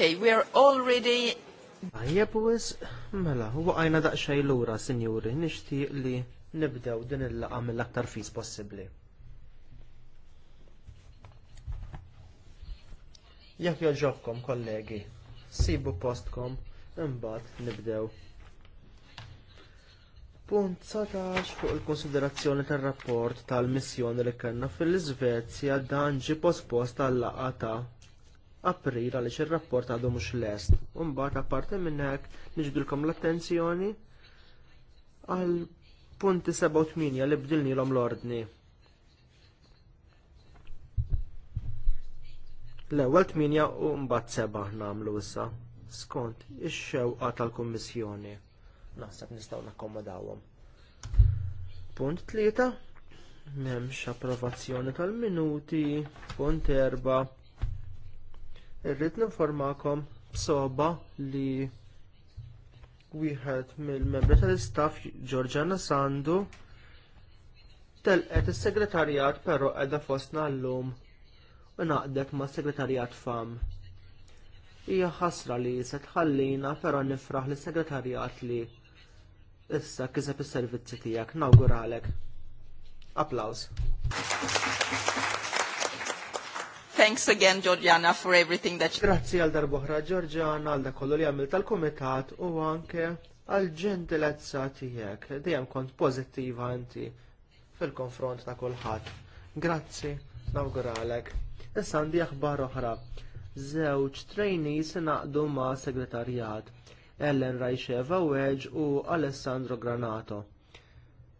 Okay, we are already... Għajjab uwis, mela, għajna daqxaj l-ura, sinjuri, nishtiq li nibdew din il-laqa mill-aktar fis possibli. Jekk joġobkom, kollegi, sibu postkom, imbagħad nibdew. Punt satax fuq il-konsiderazzjoni tar rapport tal-missjoni li kellna fil-Iżvezja dan ġie pospost tal-laqa ta' april għaliex ir-rapport għadu mhux lest. mbagħad apparti minn hekk niġbdilkom l-attenzjoni għal punti 7 li bdilniehom l-ordni. L-ewwel 8 u mbagħad seba' nagħmlu issa skont ix-xewqa tal-Kummissjoni. Naħseb nistgħu nakkomodawhom. Punt tlieta m'hemmx approvazzjoni tal-minuti, punt erba' Irrid ninformakom b'soba li wieħed mill-membri tal-istaff Giorgiana Sandu telqet is-segretarjat però qiegħda fostna llum u naqdet mas segretarjat fam. Hija ħasra li se tħallina però nifraħ lis segretarjat li issa kiseb is-servizzi tiegħek nawguralek. Applaus thanks again, Georgiana, for everything that you... Grazzi għal darbohra, Georgiana, al da kollu li għamil tal-komitat u anke għal ġentilezza tijek. Dejjem kont pozittiva inti fil-konfront ta' kulħadd. Grazzi, nawguralek. Issa għandi aħbar oħra. Żewġ trainees naqdu ma' segretarjat. Ellen Rajxeva Wedge u Alessandro Granato.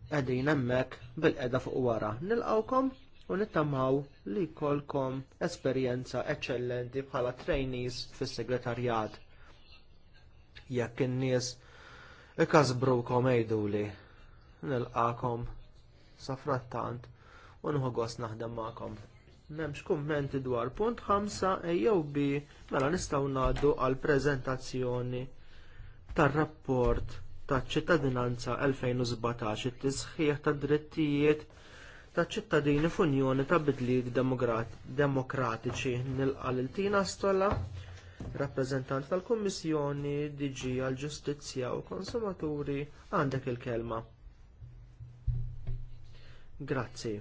Qegħdin hemmhekk bil edha fuq wara. Nilqawkom? u nittamaw li jkollkom esperjenza eċċellenti bħala trainees fis segretarjat Jekk in-nies ikasbrukom għajduli. nilqakom safrattant u nħu gost naħdem magħkom. M'hemmx kummenti dwar punt 5 ejjew bi mela nistgħu ngħaddu għal preżentazzjoni tar-rapport taċ ċittadinanza 2017 it-tisħiħ tad drittijiet taċ ċittadini f'unjoni ta' bidliet demokratiċi nilqa' lil Tina Stolla, rappreżentant tal-Kummissjoni DG għall ġustizzja u konsumaturi għandek il-kelma. Grazzi.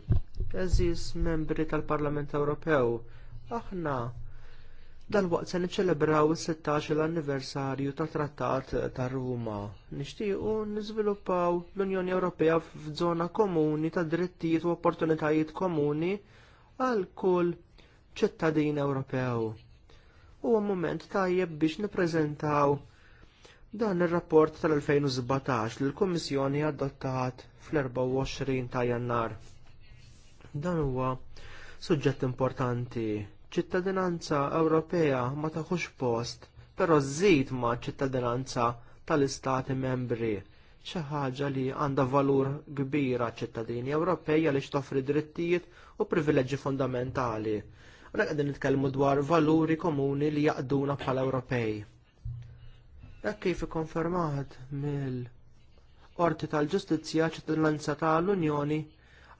Eżis membri tal-Parlament Ewropew, aħna Dal-waqt se niċċelebraw is-16 l-anniversarju tat Trattat ta' Ruma. Nixtiequ niżviluppaw l-Unjoni Ewropea f'żona komuni ta' drittijiet u opportunitajiet komuni għal kull ċittadin Ewropew. Huwa mument tajjeb biex nippreżentaw dan ir-rapport tal-2017 li l-Kummissjoni adottat fl-24 ta' Jannar. Dan huwa suġġett importanti ċittadinanza Ewropea ma taħux post, però żżid ma ċittadinanza tal-istati membri xi ħaġa li għandha valur kbira ċittadini Ewropej għaliex toffri drittijiet u privileġġi fondamentali. Għana qegħdin nitkellmu dwar valuri komuni li jaqduna bħal Ewropej. Hekk kif ikkonfermat mill Qorti tal-Ġustizzja ċittadinanza tal-Unjoni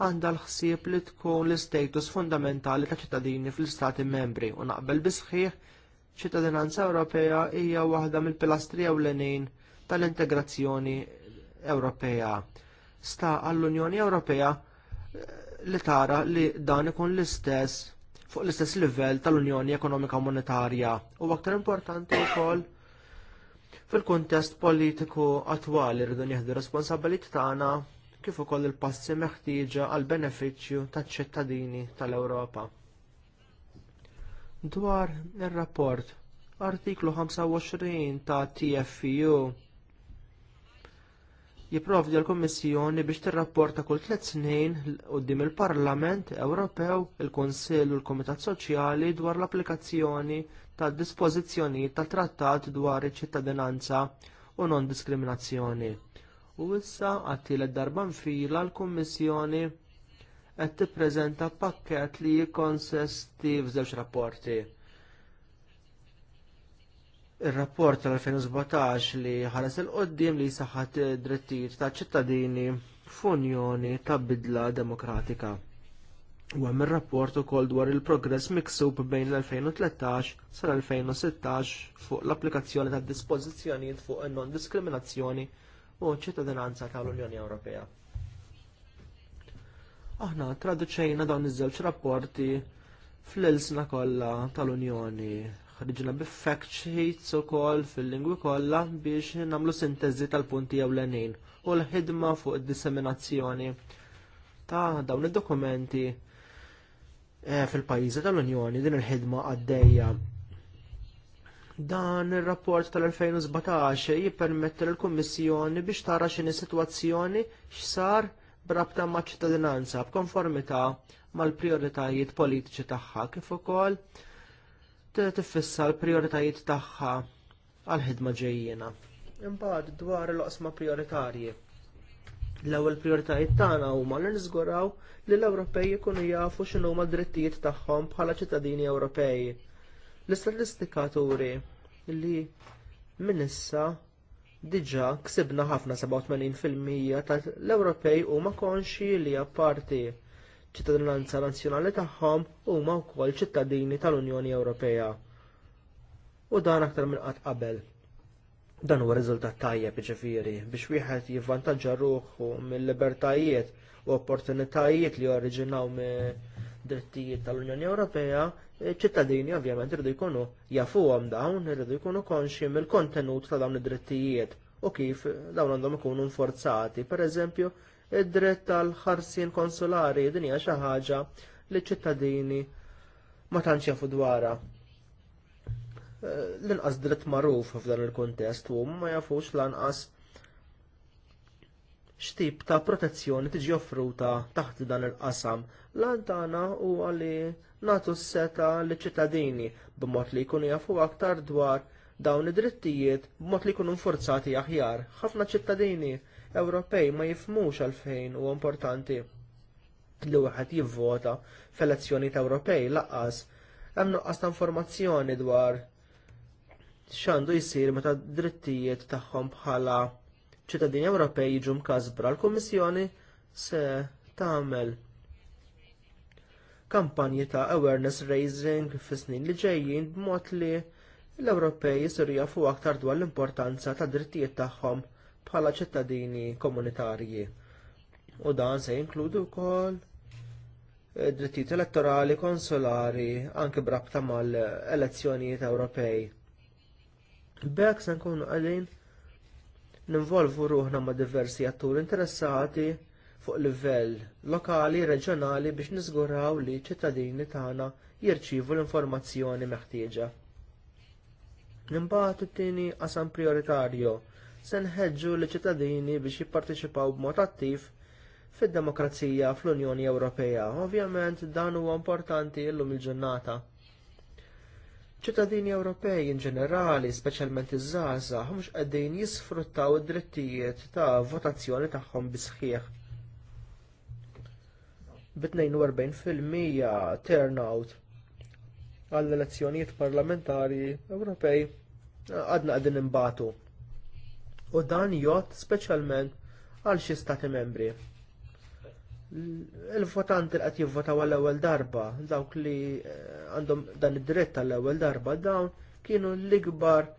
għandha l-ħsieb li tkun l-istatus fundamentali ta' ċittadini fl-istati membri u naqbel bisħiħ ċittadinanza Ewropea hija waħda mill-pilastri ewlenin tal-integrazzjoni Ewropea. Sta għall-Unjoni Ewropea eh, li tara li dan ikun l-istess fuq l-istess livell tal-Unjoni Ekonomika Monetarja u aktar importanti wkoll fil-kuntest politiku attwali rridu nieħdu responsabilità tagħna kif ukoll il-passi meħtieġa għal benefiċċju taċ-ċittadini tal-Ewropa. Dwar ir-rapport artiklu 25 ta' TFU jipprovdi l-Kommissjoni biex tirrapporta kull tliet snin quddiem il-Parlament Ewropew, il-Kunsill u l-Kumitat Soċjali dwar l-applikazzjoni tad dispożizzjonijiet tat trattat dwar iċ-ċittadinanza u non diskriminazzjoni u issa għattilet darba nfila l-Kummissjoni qed tippreżenta pakkett li jikkonsisti f'żewġ rapporti. Ir-rapport tal-2017 li ħares il-qoddim li saħħat drittijiet ta' ċittadini f'unjoni ta' bidla demokratika. U hemm ir-rapport ukoll dwar il-progress miksub bejn l-2013 sal-2016 fuq l-applikazzjoni tad dispożizzjonijiet fuq in-non-diskriminazzjoni u ċittadinanza tal-Unjoni Ewropea. Aħna traduċejna dawn iż-żewġ rapporti fl-ilsna kollha tal-Unjoni. Ħriġna bi fact sheets ukoll fil-lingwi kollha biex nagħmlu sintesi tal-punti ewlenin u l-ħidma fuq id-disseminazzjoni ta' dawn id-dokumenti eh, fil-pajjiżi tal-Unjoni din il-ħidma għaddejja Dan ir-rapport tal-2017 jippermetti lill kummissjoni biex tara x'inhi sitwazzjoni x'sar b'rabta ma' ċittadinanza b'konformità mal-prioritajiet politiċi tagħha kif ukoll tiffissa l-prioritajiet tagħha għall ħidma ġejjina. Imbagħad dwar l-oqsma prioritarji. L-ewwel prioritajiet tagħna huma li niżguraw li l-Ewropej jkunu jafu x'inhuma d-drittijiet tagħhom bħala ċittadini Ewropej L-istatistika turi li minn issa diġà ksibna ħafna 87% tal-Ewropej huma konxi li apparti ċittadinanza nazzjonali tagħhom huma wkoll ċittadini tal-Unjoni Ewropea. U dan aktar minn qatt qabel. Dan huwa riżultat tajjeb ġifieri biex wieħed jivvantaġġa ruħu mill-libertajiet u opportunitajiet li oriġinaw minn drittijiet tal-Unjoni Ewropea, ċittadini ovvjament irridu jkunu jafuhom dawn, irridu jkunu konxi mill-kontenut ta' dawn id-drittijiet u kif dawn għandhom ikunu nforzati. pereżempju id-dritt tal ħarsien konsulari din hija xi ħaġa li ċittadini ma tantx jafu dwarha. Eh, l-inqas dritt magħruf f'dan il-kuntest u ma jafux lanqas xtip ta' protezzjoni tiġi offruta taħt dan il-qasam. Lantana u għalli natu s-seta li ċittadini b'mod li jkunu jafu aktar dwar dawn id-drittijiet b'mod li jkunu nforzati aħjar. Ħafna ċittadini Ewropej ma jifhmux għalfejn huwa importanti li wieħed jivvota f'elezzjonijiet Ewropej laqqas hemm nuqqas ta' informazzjoni dwar x'għandu jsir meta d-drittijiet tagħhom bħala ċittadini Ewropej jiġu mkasbra l-Kummissjoni se tagħmel kampanji ta' awareness raising fis-snin li ġejjin b'mod li l-Ewropej jisir jafu aktar dwar l-importanza ta' drittijiet tagħhom bħala ċittadini komunitarji. U dan se jinkludu wkoll eh, drittijiet elettorali konsolari anke brabta mal-elezzjonijiet Ewropej. B'hekk se nkunu għalin ninvolvu ruħna ma' diversi atturi interessati fuq livell lokali, reġjonali biex niżguraw li ċittadini tagħna jirċievu l-informazzjoni meħtieġa. Imbagħad it-tieni qasam prioritarju se nħeġġu li ċittadini biex jipparteċipaw b'mod attiv fid-demokrazija fl-Unjoni Ewropea. Ovvjament dan huwa importanti llum il-ġurnata ċittadini Ewropej in ġenerali, speċjalment iż-żgħażagħ, mhux qegħdin jisfruttaw id-drittijiet ta' votazzjoni tagħhom bisħieħ. Bi 42% turnout għall elezzjonijiet parlamentari Ewropej għadna qegħdin imbatu. U dan jgħod speċjalment għal xi stati membri il-votanti li qed jivvotaw għall-ewwel darba, dawk li eh, għandhom dan id-dritt għall-ewwel darba, dawn kienu l-ikbar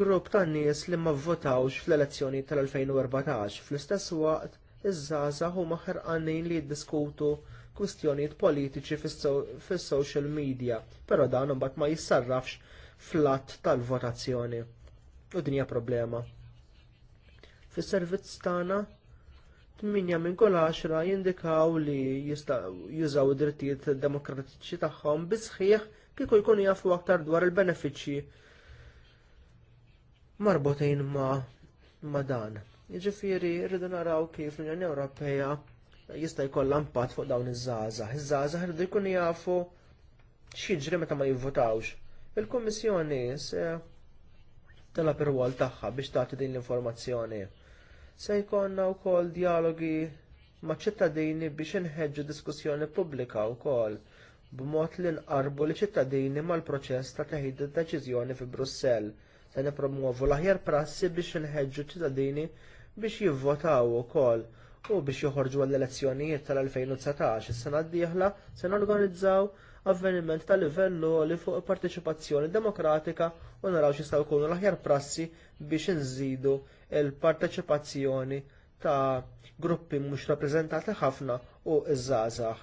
grupp ta' nies li ma vvotawx fl-elezzjoni tal-2014. Fl-istess waqt, iż-żgħażagħ huma ħerqanin li jiddiskutu kwistjonijiet politiċi fis-social media, però dan imbagħad ma jissarrafx fl-att tal-votazzjoni. U din hija problema. Fis-servizz tagħna Tminja minn kol għaxra jindikaw li jużaw id-drittijiet demokratiċi tagħhom bi sħiħ kieku jkunu jafu aktar dwar il-benefiċċji marbutejn ma, ma dan. Jiġifieri rridu naraw kif l-Unjoni Ewropea jista' jkollha impatt fuq dawn iż-żgħażagħ. Iż-żgħażagħ rridu jkunu jafu x'jiġri meta ma jivvotawx. Il-Kummissjoni se tela per tagħha biex tagħti din l-informazzjoni se jkollna wkoll dialogi ma' ċittadini biex inħeġġu diskussjoni pubblika wkoll b'mod li nqarbu li ċittadini mal-proċess ta' teħid id-deċiżjoni fi Brussell se nippromuovu l-aħjar prassi biex inħeġġu ċittadini biex jivvotaw ukoll u biex joħorġu għall-elezzjonijiet tal-2019 is-sena d-dieħla se norganizzaw avveniment ta' livellu li fuq il-parteċipazzjoni demokratika u naraw x'jistgħu jkunu l-aħjar prassi biex inżidu il-parteċipazzjoni ta' gruppi mhux rappreżentati ħafna u iż-żgħażagħ.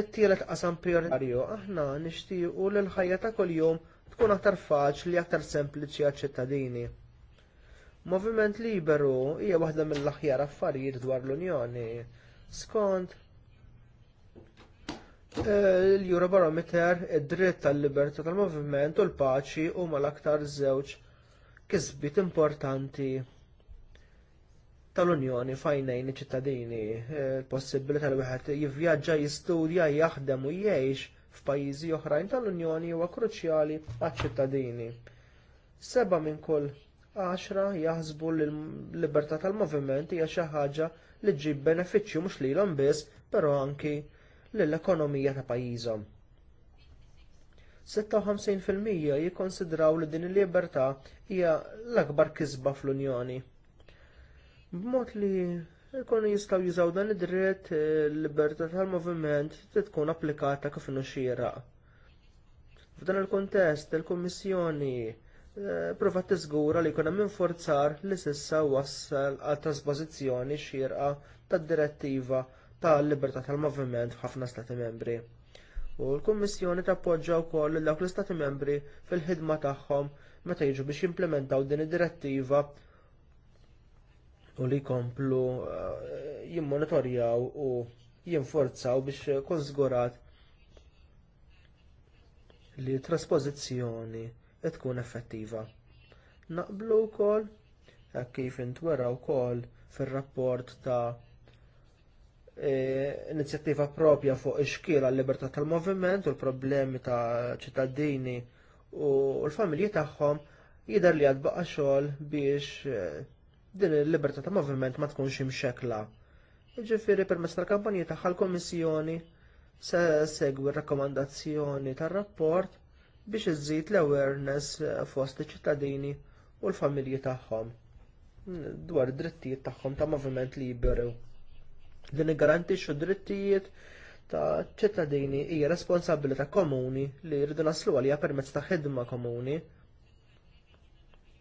It-tielet qasam prioritarju aħna nixtiequ li l-ħajja ta' kuljum tkun aktar faċli aktar sempliċi għaċ-ċittadini. Moviment liberu hija waħda mill-aħjar affarijiet dwar l-Unjoni. Skont eh, l-Eurobarometer id-dritt tal-libertà tal-moviment u l-paċi huma l-aktar żewġ kisbiet importanti tal-Unjoni fajnejn iċ-ċittadini il-possibilità eh, wieħed jivvjaġġa, jistudja, jaħdem u jgħix f'pajjiżi oħrajn tal-Unjoni huwa kruċjali għaċ-ċittadini. Seba' minn kull għaxra jaħsbu li l-libertà tal-moviment hija xi ħaġa li ġġib benefiċċju mhux lilhom biss, però anki lill-ekonomija ta' pajjiżhom. 56% jikkonsidraw li din il-libertà hija l-akbar kisba fl-Unjoni b'mod li jkunu jistgħu jużaw dan id-dritt il-libertà tal-moviment tkun applikata kif inhu F'dan il-kuntest il-Kummissjoni eh, provat tiżgura li jkun hemm infurzar li s'issa wassal għal trasposizzjoni xierqa tad-direttiva tal-libertà tal-moviment f'ħafna stati membri. U l-Kummissjoni tappoġġa wkoll dawk l-Istati membri fil-ħidma tagħhom meta jiġu biex jimplementaw din id-direttiva u li jkomplu eh, jimmonitorjaw u jinforzaw biex kun zgurat li t traspożizzjoni tkun effettiva. Naqblu wkoll kif intwera wkoll fir-rapport ta' eh, inizjattiva propja fuq ix l libertà tal-moviment u l-problemi ta' ċittadini u l-familji tagħhom jidher li għadbaqa xogħol biex eh, din il-libertà ta' moviment ma tkunx imxekla. Ġifiri permezz tal-kampanji tagħha l-Komissjoni se segwi r-rakkomandazzjoni tar-rapport biex iżżid l-awareness fost iċ-ċittadini u l-familji tagħhom dwar id-drittijiet tagħhom ta' moviment liberu. Din iggarantixxu drittijiet ta' ċittadini hija responsabilità komuni li jridu naslu għalija permezz ta' ħidma komuni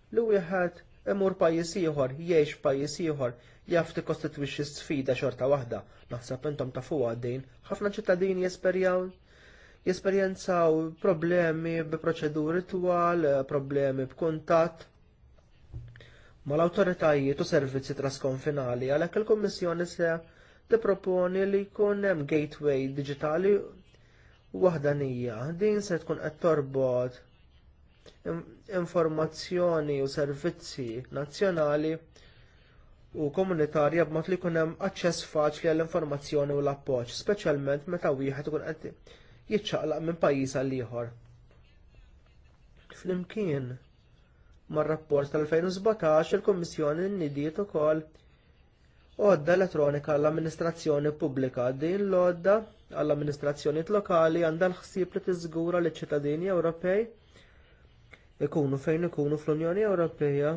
li wieħed imur pajjiż ieħor, jgħix pajjiż ieħor, jaf tikkostitwixxi sfida xorta waħda. Naħseb intom tafuha għaddejn, ħafna ċittadini jesperjaw jesperjenzaw problemi b'proċeduri twal, problemi b'kuntatt mal-awtoritajiet u servizzi trasconfinali għalhekk il-Kummissjoni se tipproponi li jkun hemm gateway diġitali waħdanija. Din se tkun qed torbod informazzjoni u servizzi nazzjonali u komunitarja b'mod li jkun hemm aċċess faċli għall-informazzjoni u l-appoġġ, speċjalment meta wieħed ikun qed jiċċaqlaq minn pajjiż għal ieħor. Flimkien mar-rapport tal-2017 il-Kummissjoni nnidiet ukoll għodda elettronika għall-amministrazzjoni pubblika din l-għodda għall-amministrazzjonijiet lokali għandha l-ħsieb li tiżgura liċ ċittadini Ewropej ikunu fejn ikunu fl-Unjoni Ewropea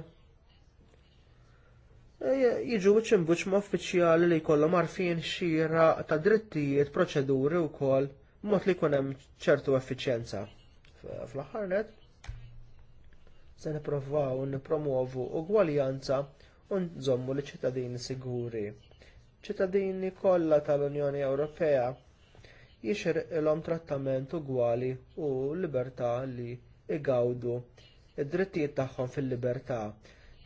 jiġu ċimbuċ ma' uffiċjali li jkollhom marfin xira ta' drittijiet, proċeduri wkoll mot li jkun hemm ċertu effiċjenza. Fl-aħħar se nippruvaw nippromovu ugwaljanza u nżommu li ċittadini siguri. ċittadini kollha tal-Unjoni Ewropea jixir il-om trattament ugwali u libertà li igawdu id-drittijiet tagħhom fil-libertà.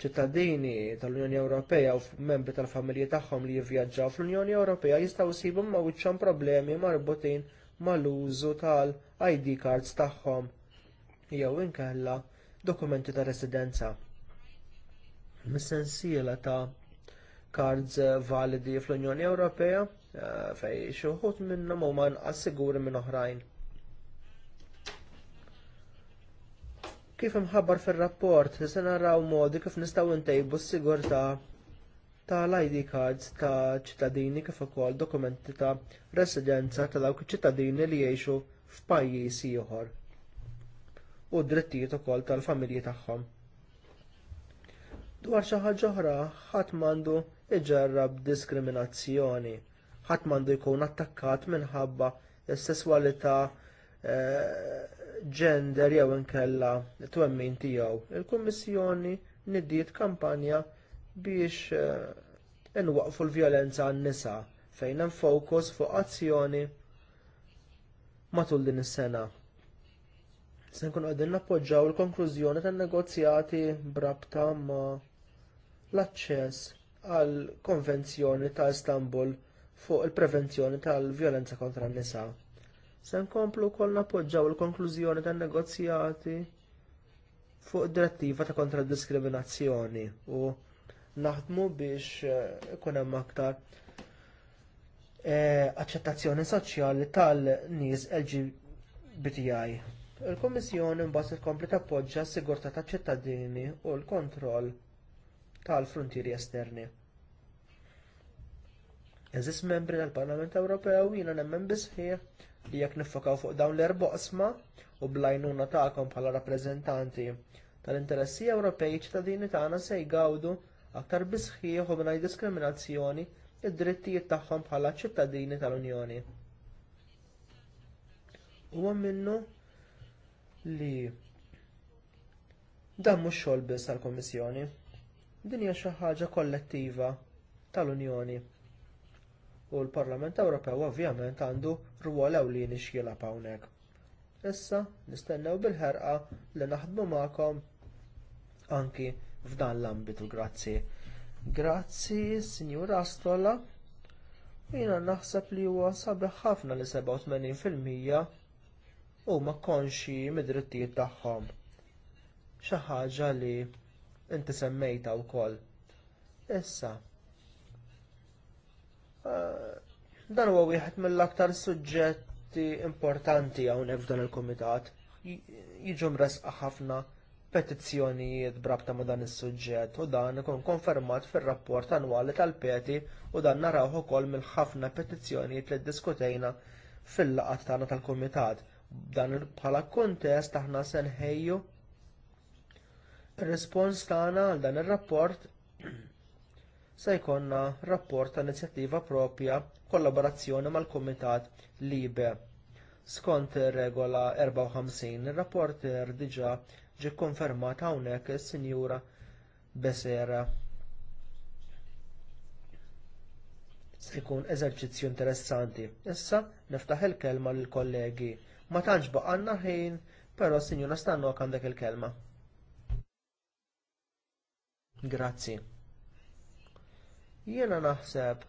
ċittadini tal-Unjoni Ewropea u membri tal-familji tagħhom li jivvjaġġaw fl-Unjoni Ewropea jistgħu jsibu mawiċċhom problemi marbutin mal-użu tal-ID cards tagħhom jew inkella dokumenti ta' residenza. Mis-sensiela ta' cards validi fl-Unjoni Ewropea eh, fejn xi wħud minnhom huma nqas siguri minn oħrajn. Kif imħabbar fir-rapport li se naraw modi kif nistgħu ntejbu s-sigurtà tal-ID cards ta' ċittadini kif ukoll dokumenti ta' residenza ta' dawk iċ-ċittadini li jgħixu f'pajjiż ieħor u d-drittijiet ukoll tal-familji tagħhom. Dwar xi ħaġa oħra ħadd m'għandu iġerrab diskriminazzjoni, ħadd m'għandu jkun attakkat minħabba s-sesswalità eh, gender jew inkella twemmin tiegħu. Il-Kummissjoni niddiet kampanja biex eh, inwaqfu l-vjolenza għan-nisa fejn hemm fokus fuq azzjoni matul din is-sena. Se nkun qegħdin nappoġġjaw il-konklużjoni tan-negozjati brabta ma' l-aċċess għall konvenzjoni ta' Istanbul fuq il-prevenzjoni tal-vjolenza kontra n-nisa. Se nkomplu wkoll nappoġġaw il-konklużjoni tan-negozjati fuq id direttiva ta' kontra d diskriminazzjoni u naħdmu biex eh, ikun hemm aktar eh, aċċettazzjoni soċjali tal-nies LGBTI. Il-Kommissjoni mbagħad tkompli tappoġġja s-sigurtà taċ-ċittadini u l-kontroll tal-frontieri esterni. Eżis membri tal-Parlament Ewropew jiena nemmen bisħieħ li jekk niffokaw fuq dawn l-erboqsma u bl-għajnuna tagħkom bħala rappreżentanti tal-interessi Ewropej ċittadini tagħna se jgawdu aktar bisħieħ u mingħajr diskriminazzjoni id-drittijiet tagħhom bħala ċittadini tal-Unjoni. Huwa minnu li dan mhux xogħol biss tal-Kummissjoni. Din hija xi ħaġa kollettiva tal-Unjoni u l-Parlament Ewropew ovvjament għandu rwol ewlieni xjilab hawnhekk. Issa nistennew bil-ħerqa li naħdmu magħkom anki f'dan l-ambitu. Grazzi. Grazzi, Sinjur Astola. Jiena naħseb li huwa sabiħ ħafna li 87% huma konxi mid-drittijiet tagħhom. Xi ħaġa li inti semmejta wkoll. Issa, Eh, dan huwa wieħed mill-aktar suġġetti importanti hawnhekk f'dan il-kumitat. Jiġu mresqa ħafna petizzjonijiet brabta ma' dan is-suġġett u dan ikun konfermat fir-rapport annwali tal-peti u dan narawh ukoll mill ħafna petizzjonijiet li ddiskutejna fil laqat tagħna tal-kumitat. Dan bħala kuntest aħna se nħejju ir-rispons tagħna għal dan ir-rapport se jkollna rapport ta' inizjattiva propja kollaborazzjoni mal-Kumitat Libe. Skont regola 54, ir-rapporter diġà ġie kkonfermat hawnhekk is-Sinjura Besera. Se jkun eżerċizzju interessanti. Issa niftaħ il-kelma lill kollegi Ma tantx baqanna ħin, però sinjura stannu għandek il-kelma. Grazzi. Jiena naħseb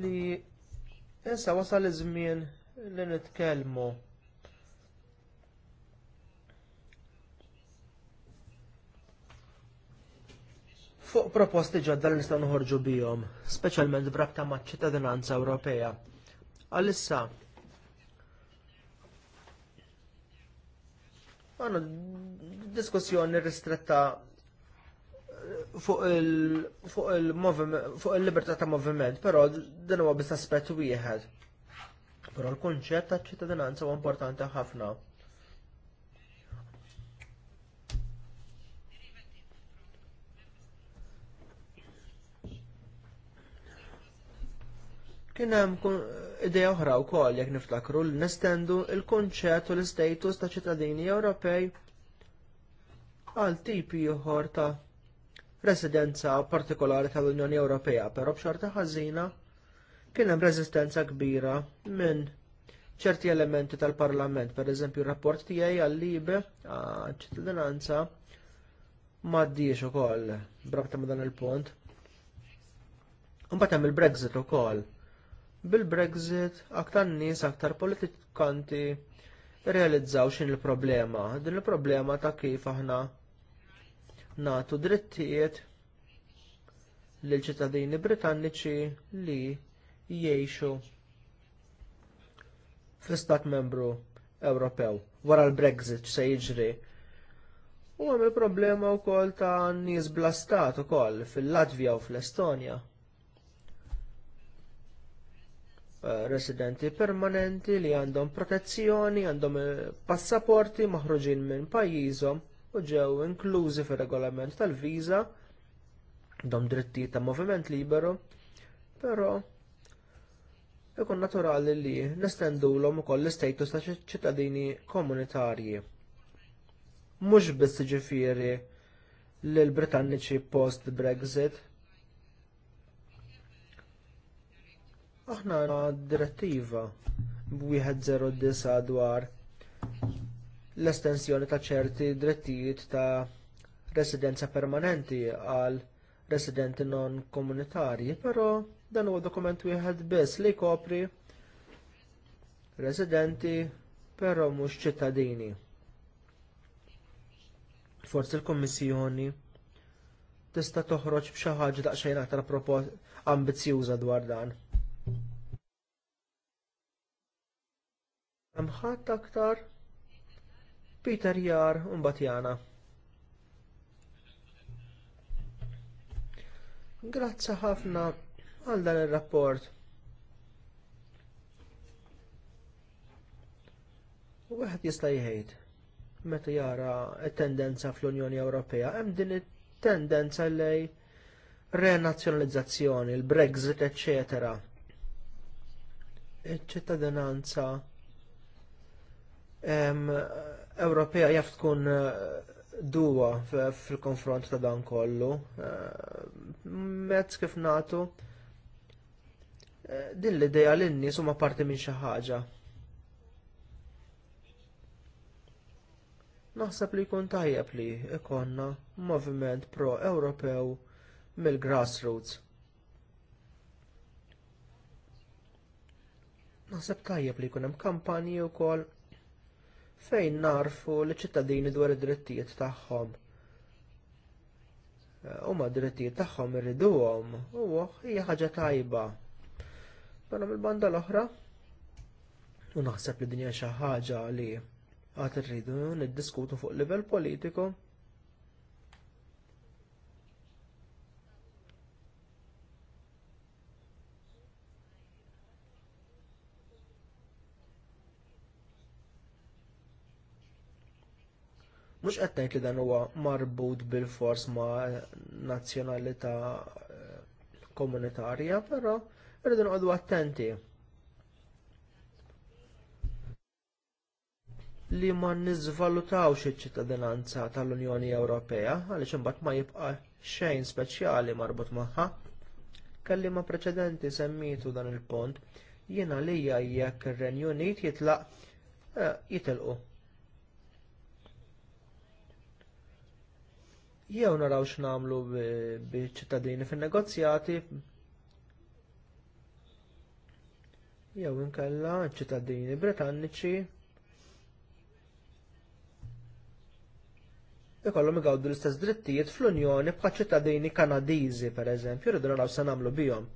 li issa wasal iż-żmien li nitkellmu fuq proposti ġodda li nistgħu noħorġu bihom, speċjalment b'rabta maċ-ċittadinanza Ewropea. Għalissa għandna diskussjoni ristretta fuq il-libertà ta' moviment, però din huwa biss aspett wieħed. Però l-kunċett ta' ċittadinanza huwa importanti ħafna. Kien hemm idea oħra wkoll jekk niftakru li nestendu l kunċett u l istatus ta' ċittadini Ewropej għal tipi uħor ta' residenza partikolari tal-Unjoni Ewropea, però b'xorta ħażina kien hemm reżistenza kbira minn ċerti elementi tal-Parlament, pereżempju r rapport tiegħi għal-libe ċittadinanza m'għaddiex ukoll brabta ma' dan il-punt. mbagħad hemm il-Brexit ukoll. Bil-Brexit aktar nies aktar politikanti realizzaw xin il-problema, din il-problema ta' kif aħna nagħtu drittijiet lill ċittadini Britanniċi li jgħixu fl-Istat Membru Ewropew wara l-Brexit se jiġri. U hemm il-problema wkoll ta' nis blastat u ukoll fil-Latvja u fl-Estonja. Eh, residenti permanenti li għandhom protezzjoni, għandhom eh, passaporti maħruġin minn pajjiżhom u ġew inklużi fir-regolament tal-viża dom drittijiet ta' moviment liberu, però ikun naturali li nestendulhom ukoll l-istatus ta' ċittadini komunitarji. Mhux biss ġifieri lill britanniċi post-Brexit, Aħna għandna direttiva b-109 dwar l-estensjoni ta' ċerti drittijiet ta' residenza permanenti għal residenti non komunitarji, però dan huwa dokument wieħed biss li jkopri residenti però mhux ċittadini. Forsi l-Kummissjoni tista' toħroġ b'xi ħaġa daqsxejn aktar ambizzjuża dwar dan. Hemm ħadd aktar Peter Jar Umbatjana. Grazzi ħafna għal dan ir-rapport. Wieħed jista' jgħid meta jara t tendenza fl-Unjoni Ewropea hemm din it-tendenza lej renazzjonalizzazzjoni, il-Brexit, etc. Iċ-ċittadinanza Ewropea jaf tkun eh, duwa fil-konfront ta' dan kollu. Eh, mezz kif natu eh, din l-ideja l-inni huma parti minn xi ħaġa. Naħseb li jkun tajjeb li ikonna moviment pro-Ewropew mill-grassroots. Naħseb tajjeb li jkun hemm kampanji wkoll fejn narfu li ċittadini dwar id-drittijiet tagħhom. Eh, huma d-drittijiet tagħhom irriduhom u hija ħaġa tajba. Però mill-banda l-oħra u naħseb li dinja xi ħaġa li għad irridu niddiskutu fuq livell politiku Mhux qed ngħid li dan huwa marbut bil-fors ma' nazzjonalità eh, komunitarja, però rridu noqogħdu attenti. li ma nizvalutawx iċ-ċittadinanza tal-Unjoni Ewropea għaliex imbagħad ma jibqa' xejn speċjali marbut magħha. Kelliema preċedenti semmitu dan il-pont jiena lija jekk ir-Renju Unit jitlaq eh, jitilqu jew naraw x'namlu biċ-ċittadini fin-negozjati jew inkella ċittadini Britanniċi ikollhom igawdu l-istess drittijiet fl-Unjoni bħal ċittadini Kanadiżi pereżempju rridu naraw se nagħmlu bihom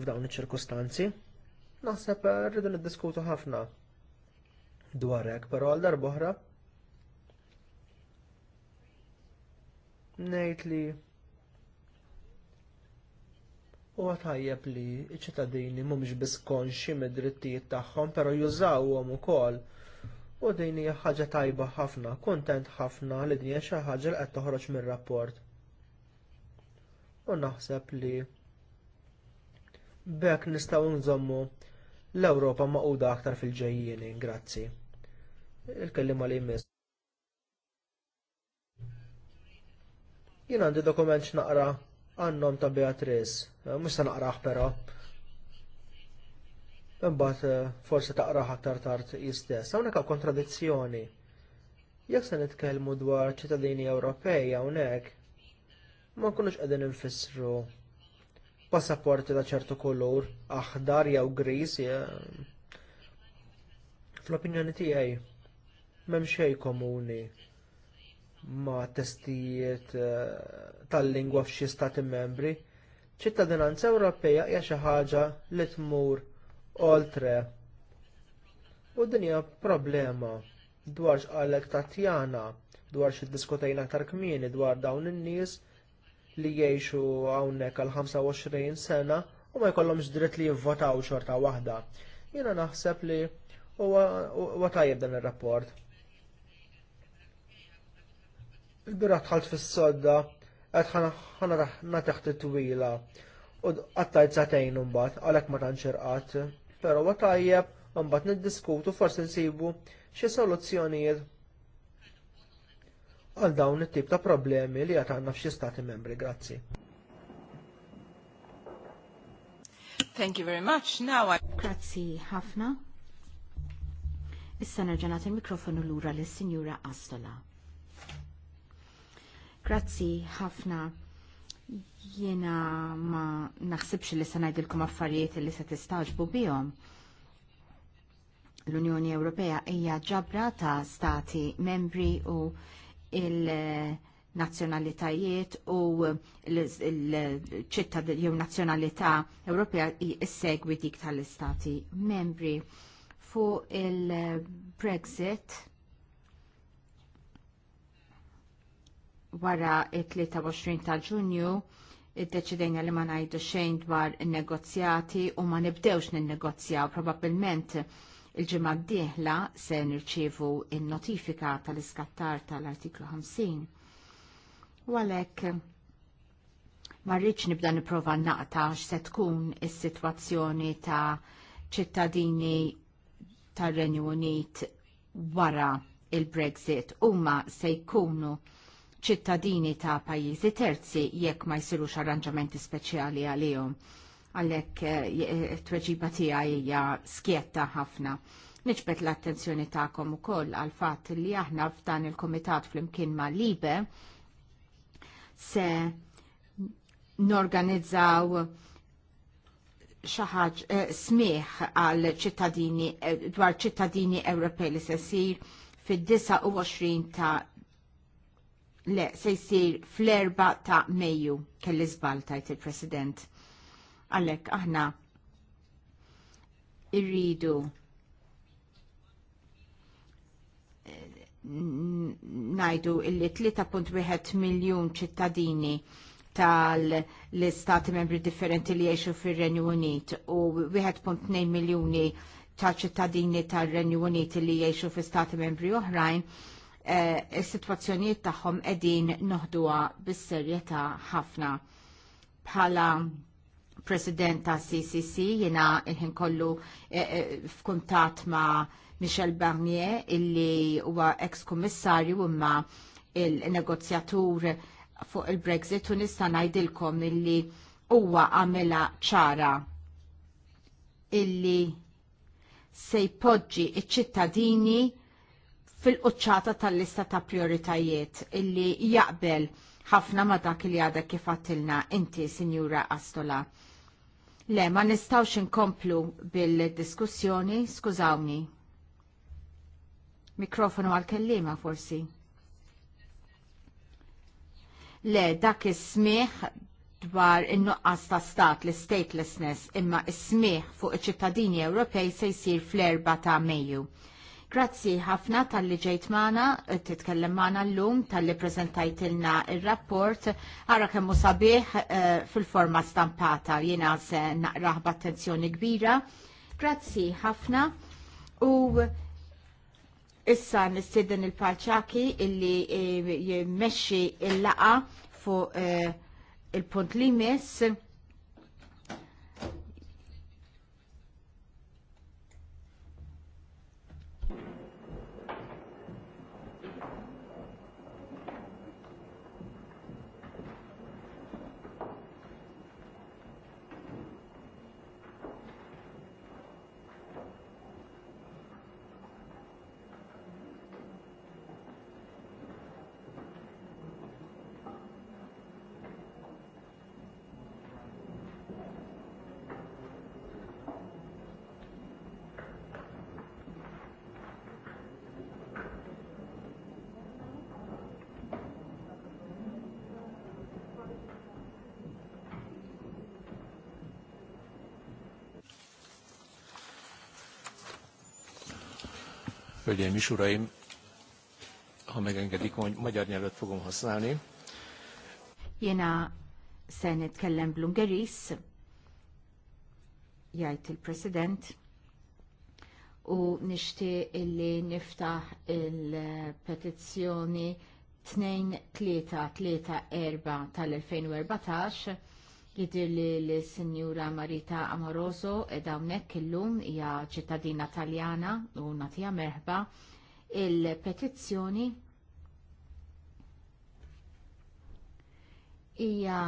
f'dawn iċ-ċirkustanzi. Naħseb rridu niddiskutu ħafna dwar hekk, però għal darb'oħra nejt li huwa tajjeb li ċ-ċittadini mhumiex biss konxi mid-drittijiet tagħhom, però jużawhom ukoll. U dini ħaġa tajba ħafna, kuntent ħafna li din hija xi ħaġa li qed toħroġ mir-rapport. U naħseb li b'hekk nistgħu nżommu l-Ewropa maquda aktar fil-ġejjieni, grazzi. Il-kellim li jmiss. Jien għandi dokument x'naqra għannom ta' Beatriz, eh, mhux se naqrah però. Imbagħad eh, forsi taqrah aktar tard jistess. Hawnhekk hawn kontradizzjoni. Jekk se nitkellmu dwar ċittadini Ewropej hawnhekk, ma nkunux qegħdin infissru passaporti ta' ċertu kulur, aħdar jew gris, fl-opinjoni tiegħi m'hemm xejn komuni ma' testijiet eh, tal-lingwa f'xi stati membri, ċittadinanza Ewropea hija xi ħaġa li tmur oltre. U din hija problema dwar x'qalek Tatjana, dwar xi ddiskutejna aktar kmieni dwar dawn in-nies li jgħixu hawnhekk għal 25 sena u ma jkollhomx dritt li jivvotaw xorta waħda. Jiena naħseb li huwa tajjeb dan ir-rapport il-bira tħalt fis-sodda, għed ħana taħt il twila u għattajt zatajn umbat, għalek ma tanċerqat, pero għat tajjeb, umbat niddiskutu forsi nsibu xie soluzzjonijiet għal dawn it-tip ta' problemi li għat għanna f'xi stati membri, grazzi. Thank you very much. Now I... Grazzi ħafna. Issa nerġanat il-mikrofonu l-ura l-Sinjura Astola. Grazzi ħafna. Jiena ma naħsibx li se ngħidilkom affarijiet li se tistaġbu bihom. L-Unjoni Ewropea hija ġabra ta' stati membri u il- nazzjonalitajiet u l ċitta jew nazzjonalità Ewropea issegwi dik tal-istati membri fuq il-Brexit wara 23 ta' ġunju d-deċidejna li ma ngħidu xejn dwar in-negozjati u ma nibdewx nin-negozjaw probabbilment il-ġimgħa d-dieħla se nirċievu in-notifika tal-iskattar tal-artiklu 50. U għalhekk ma rridx nibda nipprova naqta x'se tkun is-sitwazzjoni ta' ċittadini tar-Renju Unit wara il-Brexit huma se jkunu ċittadini ta' pajjiżi terzi jekk ma jsirux arranġamenti speċjali għalihom. Għalhekk t-tweġiba eh, eh, tiegħi hija skjetta ħafna. Niġbet l-attenzjoni tagħkom ukoll għal fatt li aħna f'dan il-Kumitat flimkien ma' Libe se norganizzaw xaħġ ħaġa eh, smieħ għal ċittadini dwar ċittadini Ewropej li se sir fid-29 ta' le se jsir fl-erba ta' Mejju kelli zbaltajt il-President. Għalhekk aħna irridu eh, najdu illi 3.1 miljon ċittadini tal-istati membri differenti li jiexu fil-Renju Unit u 1.2 miljoni ta' ċittadini tal-Renju Unit li jiexu fil-stati membri oħrajn Eh, is-sitwazzjonijiet tagħhom qegħdin noħduha bis-serjetà ħafna. Bħala President ta' CCC jiena il-ħin kollu eh, eh, f'kuntat ma' Michel Barnier illi huwa ex-kummissarju imma il-negozjatur fuq il-Brexit u nista' ngħidilkom illi huwa għamela ċara illi se jpoġġi iċ-ċittadini il fil-qoċċata tal-lista ta' prioritajiet illi jaqbel ħafna ma dak li għada kif għattilna inti, Sinjura Astola. Le, ma nistawx inkomplu bil-diskussjoni, skużawni. Mikrofonu għal-kellima forsi. Le, dak is-smieħ dwar in-nuqqas ta' stat l statelessness imma is-smieħ fuq iċ-ċittadini Ewropej se jsir fl-erba ta' Mejju Grazzi ħafna tal-li ġejt mana, titkellem maħna l-lum, tal-li prezentajtilna il-rapport, għara kemmu sabiħ eh, fil-forma stampata, jina se naqraħba b'attenzjoni kbira. Grazzi ħafna u issa nistidden il-palċaki illi eh, jimmeċi il-laqa fuq eh, il-punt li miss Hölgyeim és Uraim, ha megengedik, hogy magyar nyelvet fogom használni. Jena se nitkellem bl-Ungeris, jgħid il-President, u nishti illi niftaħ il-petizzjoni 2-3-3-4 tal-2014 Jidir li l-Sinjura Marita Amoroso dawnek illum hija ċittadina taljana u natija merħba il-petizzjoni hija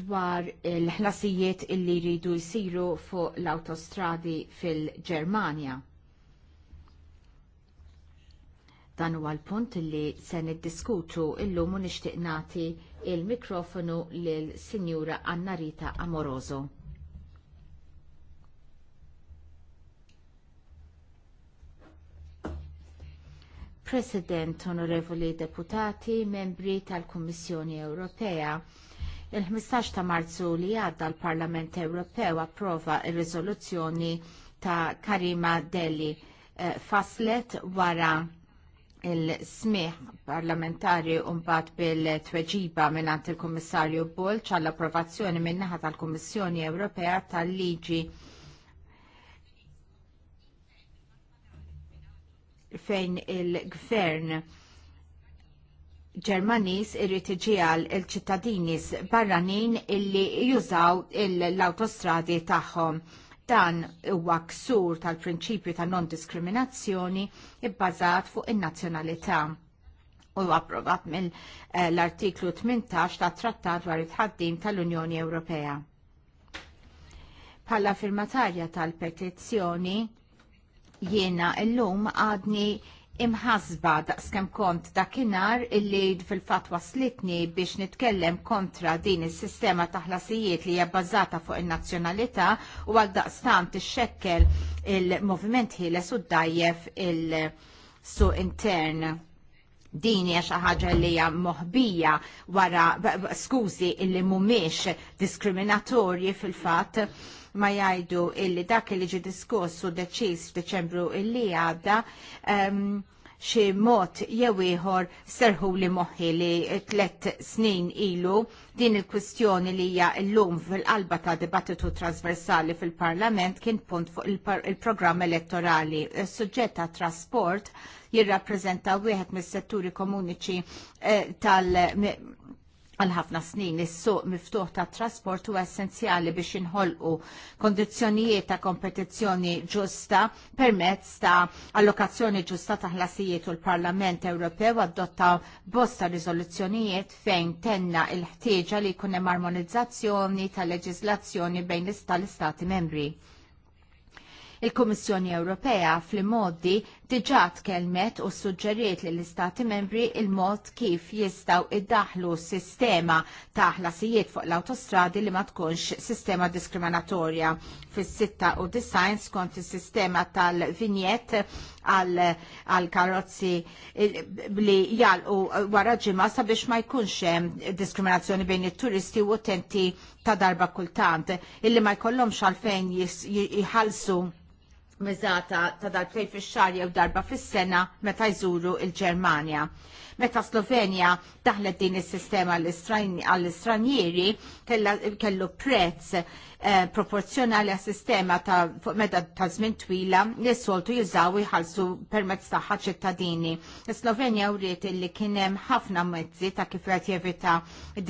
dwar il ħlasijiet illi jridu jsiru fuq l-autostradi fil-Ġermanja. Dan huwa l-punt illi se niddiskutu illum u nixtieq nagħti il-mikrofonu lil sinjura rita Amoroso. President, onorevoli deputati, membri tal-Kummissjoni Ewropea, il-15 ta' marzu li għadda l-Parlament Ewropew approva il riżoluzzjoni ta' Karima Deli eh, faslet wara il-smiħ parlamentari unbat bil-tweġiba minnant il-Kommissarju Bull ċall-approvazzjoni minnaħa tal-Kommissjoni Ewropea tal-liġi fejn il-gvern Ġermanis irrid iġiegħel il-ċittadini barranin illi jużaw l-awtostradi tagħhom Dan huwa ksur tal-prinċipju ta' non-diskriminazzjoni ibbażat fuq in-nazzjonalità u approvat mill eh, l-artiklu 18 ta' trattat dwar it-ħaddim tal-Unjoni Ewropea. Palla firmatarja tal-petizzjoni jiena illum għadni imħasba daqskem kont dakinhar illi fil-fatt waslitni biex nitkellem kontra din is-sistema ta' ħlasijiet li hija bbażata fuq in-nazzjonalità u għal daqstan tixxekkel il-moviment ħieles u dajjef il-su intern din hija xi ħaġa li hija moħbija wara skużi illi mhumiex diskriminatorji fil-fatt ma jgħidu illi dak li ġi diskuss u deċiż f'Deċembru illi għadda xi mod jew ieħor serħu li moħħi li tlet snin ilu din il-kwistjoni li hija llum fil-qalba ta' dibattitu trasversali fil-Parlament kien punt fuq il-programm elettorali. Is-suġġett ta' trasport jirrappreżenta wieħed mis-setturi komuniċi eh, tal tal- għal ħafna snin is-suq miftuħ tat trasport huwa essenzjali biex inħolqu kondizzjonijiet ta' kompetizzjoni ġusta permezz ta' allokazzjoni ġusta ta' ħlasijiet u l-Parlament Ewropew adotta bosta riżoluzzjonijiet fejn tenna il-ħtieġa li jkun hemm armonizzazzjoni ta' leġiżlazzjoni bejn l-istati membri. Il-Kummissjoni Ewropea fl-modi diġa tkellmet u suġġeriet li l-istati membri il-mod kif jistaw iddaħlu sistema ta' ħlasijiet fuq l-autostradi li ma tkunx sistema diskriminatorja. Fis-sitta u design skont is-sistema tal-vinjet għal karozzi eh, li u eh, wara ġimgħa sabiex ma jkunx hemm diskriminazzjoni bejn it-turisti u utenti ta' darba kultant illi ma jkollhomx għalfejn jħallsu Mizata ta' dal-fej fix xar jew darba fis-sena meta jżuru il-Ġermanja. Meta Slovenja daħlet din is-sistema għall-istranjieri kellu prezz eh, proporzjonali għas-sistema ta' fuq meta ta' żmien twila li soltu jużaw jħallsu permezz tagħha ċittadini. Slovenja wriet li kien hemm ħafna mezzi ta' kif qed jevita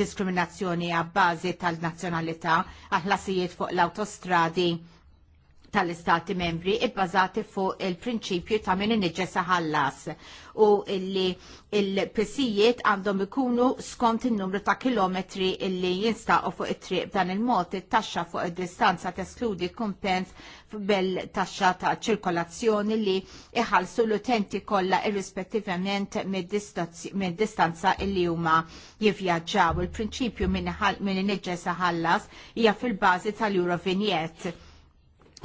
diskriminazzjoni għabbażi tal-nazzjonalità, aħlasijiet fuq l-autostradi tal-istati membri ibbażati fuq il-prinċipju ta' min inniġġesa ħallas u illi il-pisijiet għandhom ikunu skont il-numru ta' kilometri illi jinstaqu fuq it-triq dan il-mod it-taxxa fuq id-distanza teskludi kumpens bel taxxa ta' ċirkolazzjoni li iħalsu l-utenti kollha irrispettivament mid-distanza illi huma jivvjaġġaw. Il-prinċipju minn inniġġesa ħallas hija fil-bażi tal-Eurovignette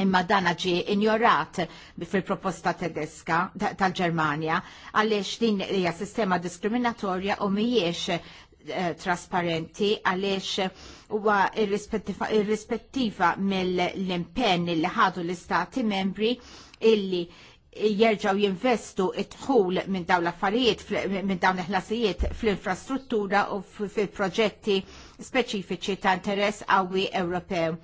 imma dana ġi injorat fil-proposta tedeska tal-Ġermanja għaliex din hija sistema diskriminatorja u mhijiex eh, trasparenti għaliex huwa irrispettiva mill impenn li ħadu l-istati membri illi jerġaw jinvestu it-ħul minn dawn l-affarijiet, minn dawn l-ħlasijiet fl-infrastruttura u fil-proġetti speċifiċi ta' interess għawi Ewropew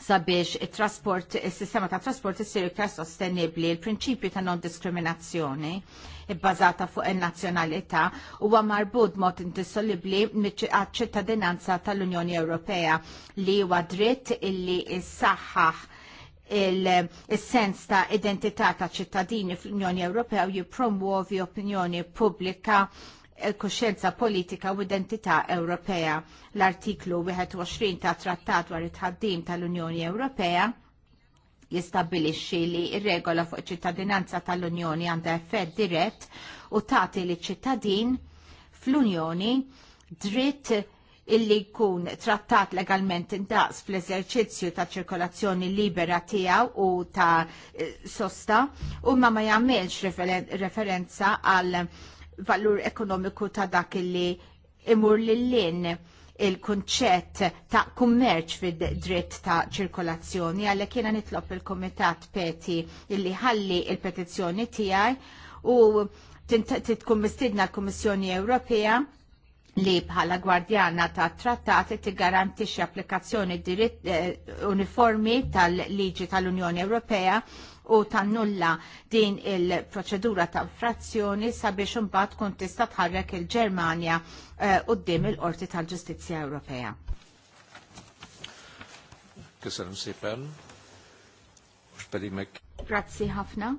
sabiex il-trasport, il-sistema ta' trasport issir ikka sostenibli, il-prinċipju ta' non-diskriminazzjoni bbażata fuq in-nazzjonalità huwa marbud mod indissolibbli għaċ-ċittadinanza tal-Unjoni Ewropea li huwa dritt illi jsaħħaħ il-sens ta' identità ta' ċittadini fl-Unjoni Ewropea u jippromuovi opinjoni pubblika il-kuxjenza politika u identità Ewropea. L-artiklu 21 ta' trattat dwar it-ħaddim tal-Unjoni Ewropea jistabilixxi li r-regola fuq ċittadinanza tal-Unjoni għandha effett dirett u tagħti li ċittadin fl-Unjoni dritt illi jkun trattat legalment indaqs fl-eżerċizzju ta' ċirkolazzjoni libera tiegħu u ta' eh, sosta u ma ma jagħmilx referenza għal valur ekonomiku ta' dak li imur lil-lin il-kunċett ta' kummerċ fid-dritt ta' ċirkolazzjoni għalli kiena nitlob il-Kumitat Peti illi ħalli il-petizzjoni tiegħi u tkun mistidna l-Kummissjoni Ewropea li bħala gwardjana ta' trattati tiggarantixxi applikazzjoni diritt eh, uniformi tal-liġi tal-Unjoni Ewropea u tannulla din il-proċedura ta' frazzjoni sabiex unbat kontista tħarrek il-Ġermanja u uh, eh, il-Qorti tal ġustizja Ewropea. Kisarim sipen. Xpedimek. Grazzi ħafna.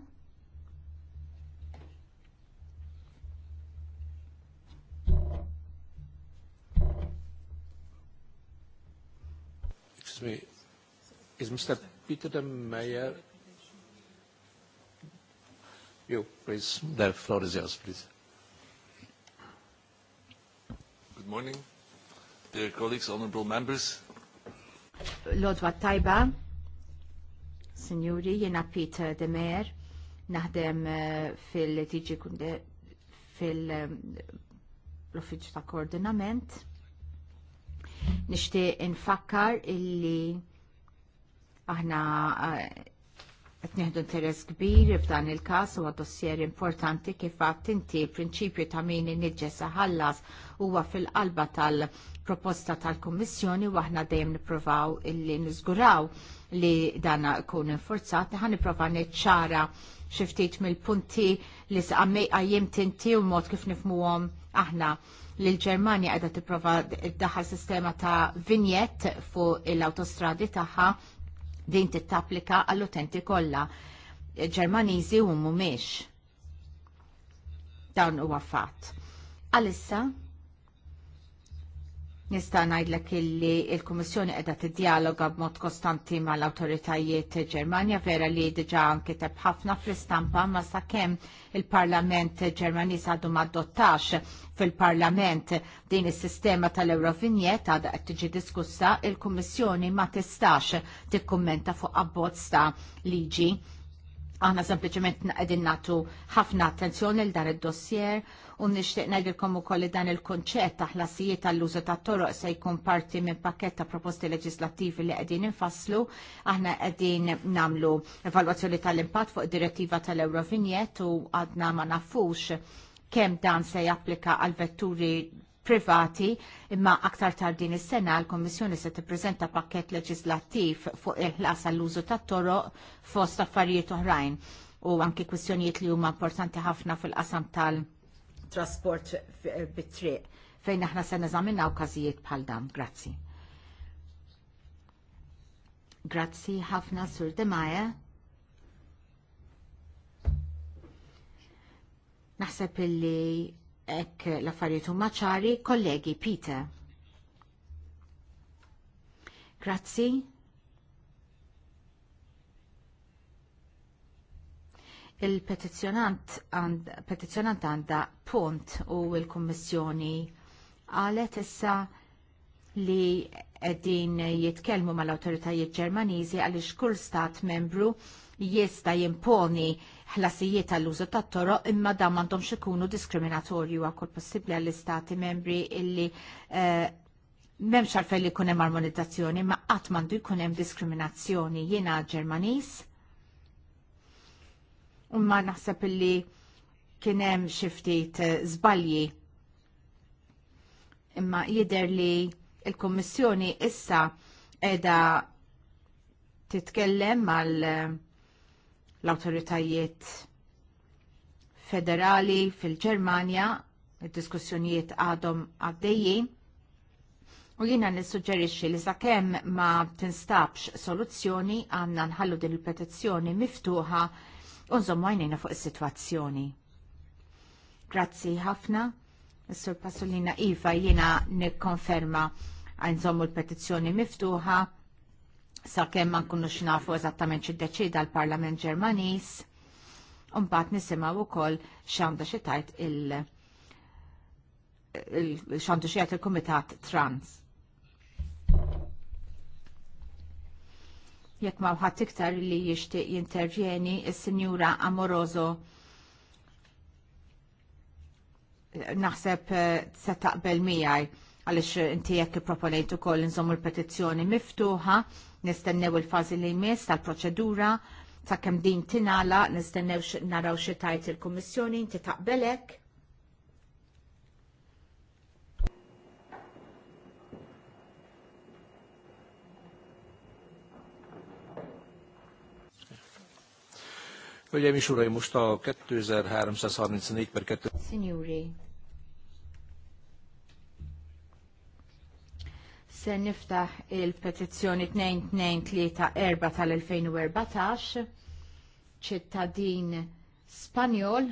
Is Mr. Peter de Meyer You, please. The floor is yours, please. Good morning, dear colleagues, honorable members. Lord Tajba, Signori, jena Peter De Meer, naħdem fil-TG eh, fil-Uffiċ eh, ta' Koordinament. Nishti infakkar illi aħna eh, qed nieħdu interess kbir f'dan il-każ huwa dossier importanti kif għat inti prinċipju ta' min niġġesa ħallas huwa fil-qalba tal-proposta tal-Kummissjoni u aħna dejjem nippruvaw illi niżguraw li dana kun infurzat ħan nipprova niċċara xi ftit mill-punti li qajjim tinti u mod kif nifmuhom aħna li l-Ġermanja qiegħda tipprova id-daħal sistema ta' vignett fuq l-awtostradi tagħha din tittapplika għall-utenti kollha. Ġermaniżi u mhumiex. Dawn huwa fatt. Għalissa Nista' ngħidlek illi l-Kummissjoni qiegħda tiddjaloga b'mod kostanti mal-awtoritajiet Ġermanja vera li diġà nkiteb ħafna fl-istampa ma sakemm il-Parlament Ġermaniż għadu m'adottax fil-Parlament din is-sistema tal-Eurovinjet għadha qed tiġi diskussa, il-Kummissjoni ma tistax tikkummenta fuq abbozz ta' liġi Aħna sempliċement qegħdin nagħtu ħafna attenzjoni l dan id-dossier u nixtieq ngħidilkom ukoll dan il kunċett ta' ħlasijiet tal-użu ta' toroq se jkun parti minn pakkett ta' proposti leġislattivi li qegħdin infasslu. Aħna qegħdin nagħmlu evalwazzjoni tal-impatt fuq direttiva tal eurovignet u għadna ma nafux kemm dan se japplika għal vetturi privati imma aktar tard din is-sena l-Kommissjoni se tippreżenta pakkett leġislattiv fuq il-ħlas għall-użu tat-toroq fost affarijiet oħrajn u anki kwistjonijiet li huma importanti ħafna fil-qasam tal-trasport bit-triq fejn aħna se nażaminna każijiet bħal dan. Grazzi. Grazzi ħafna Sur Demaja. Naħseb illi ek l huma ċari, kollegi Peter. Grazzi. Il-petizjonant għanda punt u il-Kommissjoni għalet issa li għedin jitkelmu mal-autoritajiet ġermaniżi għalix kull stat membru jista jimponi ħlasijiet tal-użu tat toro imma dan m'għandhomx ikunu diskriminatorju għal possibbli għall-istati membri illi eh, m'hemmx għalfejn li jkun hemm armonizzazzjoni ma qatt m'għandu jkun hemm diskriminazzjoni jiena Ġermaniż. Imma naħseb illi kien hemm xi ftit eh, żbalji imma jidher li l-Kummissjoni issa qiegħda titkellem mal- uh, eh, l-autoritajiet federali fil-Ġermanja, il diskussjonijiet għadhom għaddejjin. U jina nissuġġerixxi li sakemm ma tinstabx soluzzjoni għandna nħallu din il-petizzjoni miftuħa u nżommu għajnejna fuq is-sitwazzjoni. Grazzi ħafna, Sur Pasolina Iva jiena nikkonferma għajnżommu l-petizzjoni miftuħa sakemm ma nkunux nafu eżattament x'iddeċida l-Parlament Ġermaniż. mbagħad nisimgħu wkoll x'għandha xi tajt il, il x'għandu xi il-Kumitat Trans. Jekk ma wħadd iktar li jixtieq jintervjeni is-Sinjura Amoroso naħseb eh, se taqbel miegħi għaliex inti jekk ipproponejt ukoll inżommu l-petizzjoni miftuħa nistennew il-fazi li jmiss tal-proċedura ta' sakemm din tinala nistennew naraw xi tajt il-Kummissjoni inti taqbelek. Hölgyeim és Uraim, most a 2334 per 2... Signori, Se niftaħ il-petizzjoni 2234 tal-2014 ċittadin Spanjol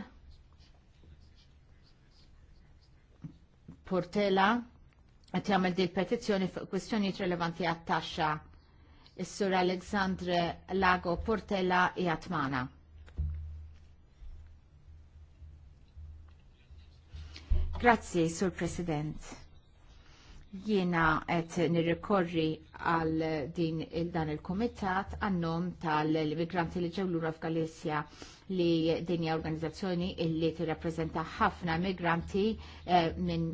Portela qed jagħmel din petizzjoni fuq kwistjonijiet rilevanti għat-taxxa. Is-Sur Alexandre Lago Portela qiegħed magħna. Grazzi, Sur President jiena qed nirrikorri għal din il dan il-kumitat għannom tal-immigranti li ġew lura f'Galizja li dinja organizzazzjoni illi tirrappreżenta ħafna immigranti eh, minn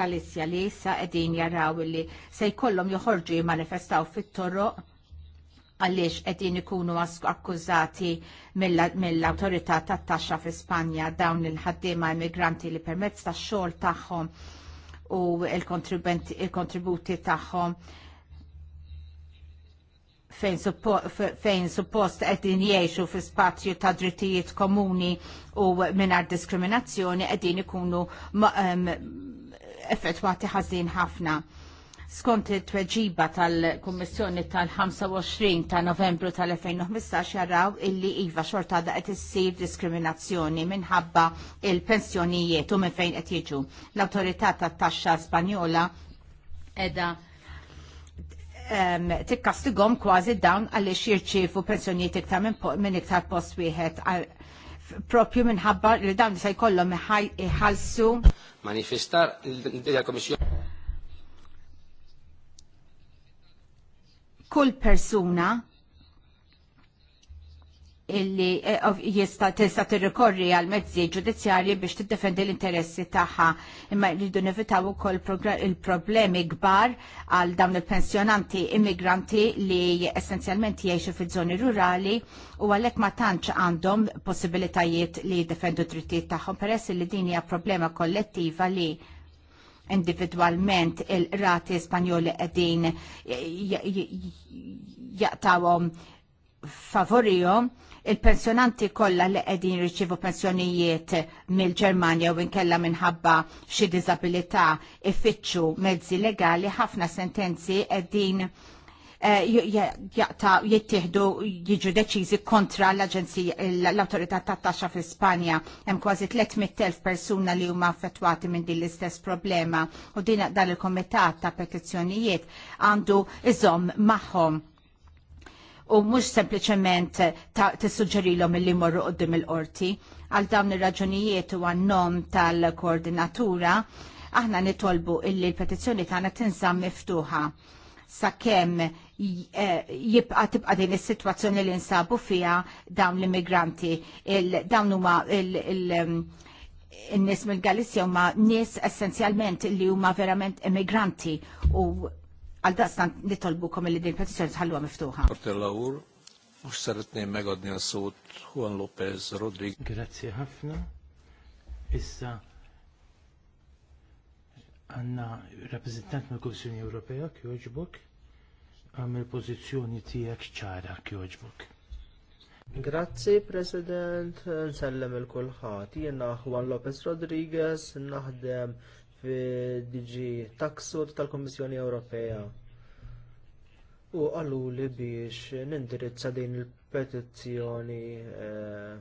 Galizja li issa qegħdin jaraw li se jkollhom joħorġu jimmanifestaw fit-toroq għaliex qegħdin ikunu akkużati mill-awtorità mill awtorità tat taxxa fi Spanja dawn il-ħaddiema immigranti li permezz tax-xogħol tagħhom u il-kontributi tagħhom fejn, suppost qegħdin jgħixu fi spazju ta' drittijiet komuni u mingħajr diskriminazzjoni qegħdin ikunu effettwati ħażin ħafna skont it-tweġiba tal-Kummissjoni tal-25 ta' Novembru tal-2015 jaraw illi iva xorta da qed issir diskriminazzjoni minħabba il-pensjonijiet u minn fejn qed jiġu. l autorità tat-Taxxa Spanjola edha tikkastigom kważi dawn għaliex jirċievu pensjonijiet iktar minn iktar post wieħed propju minħabba li dawn se jkollhom iħallsu manifestar il-Komissjoni kull persuna illi eh, jista tista tirrikorri għal mezzi ġudizzjarji biex tiddefendi l-interessi tagħha imma rridu nevitaw ukoll il-problemi kbar għal dawn il-pensjonanti immigranti li essenzjalment jgħixu fiż-żoni rurali u għalhekk ma tantx għandhom possibilitajiet li jiddefendu drittijiet tagħhom peress li din hija problema kollettiva li individualment il-rati spanjoli qegħdin jaqtawom favorijo il-pensjonanti kollha li qegħdin riċivu pensjonijiet mill-Ġermanja u inkella minħabba xi diżabilità iffittxu mezzi legali ħafna sentenzi qegħdin Eh, jaqta jittieħdu jiġu deċiżi kontra l-Aġenzija l-Awtorità taxxa fi Spanja. Hemm kważi 300,000 persuna li huma affettwati minn din l-istess problema u din dan il-Komitat ta' Petizzjonijiet għandu iżomm magħhom u mhux sempliċement il-li morru qudiem il-qorti għal dawn ir-raġunijiet u għannom tal-koordinatura aħna nitolbu li l-petizzjoni tagħna tinżamm miftuħa sakemm Eh, jibqa tibqa din is-sitwazzjoni li nsabu fiha dawn l-immigranti. Dawn huma il-nies mill-Galizja huma nies essenzjalment li huma verament immigranti u għal daqstant nitolbukom li din petizzjoni tħalluha miftuħa. Mux saretni megadni għasut Juan Lopez Rodriguez. Grazie ħafna. Issa għanna rappresentant mill kummissjoni Ewropea kjoġbuk, għamil pozizjoni tijak ċara kjoġbuk. Grazzi, President, nsellem il-kulħat. Jena Juan Lopez Rodriguez, naħdem fi DG Taksud tal-Komissjoni Ewropea. U għallu li biex nindirizza din il-petizzjoni eh,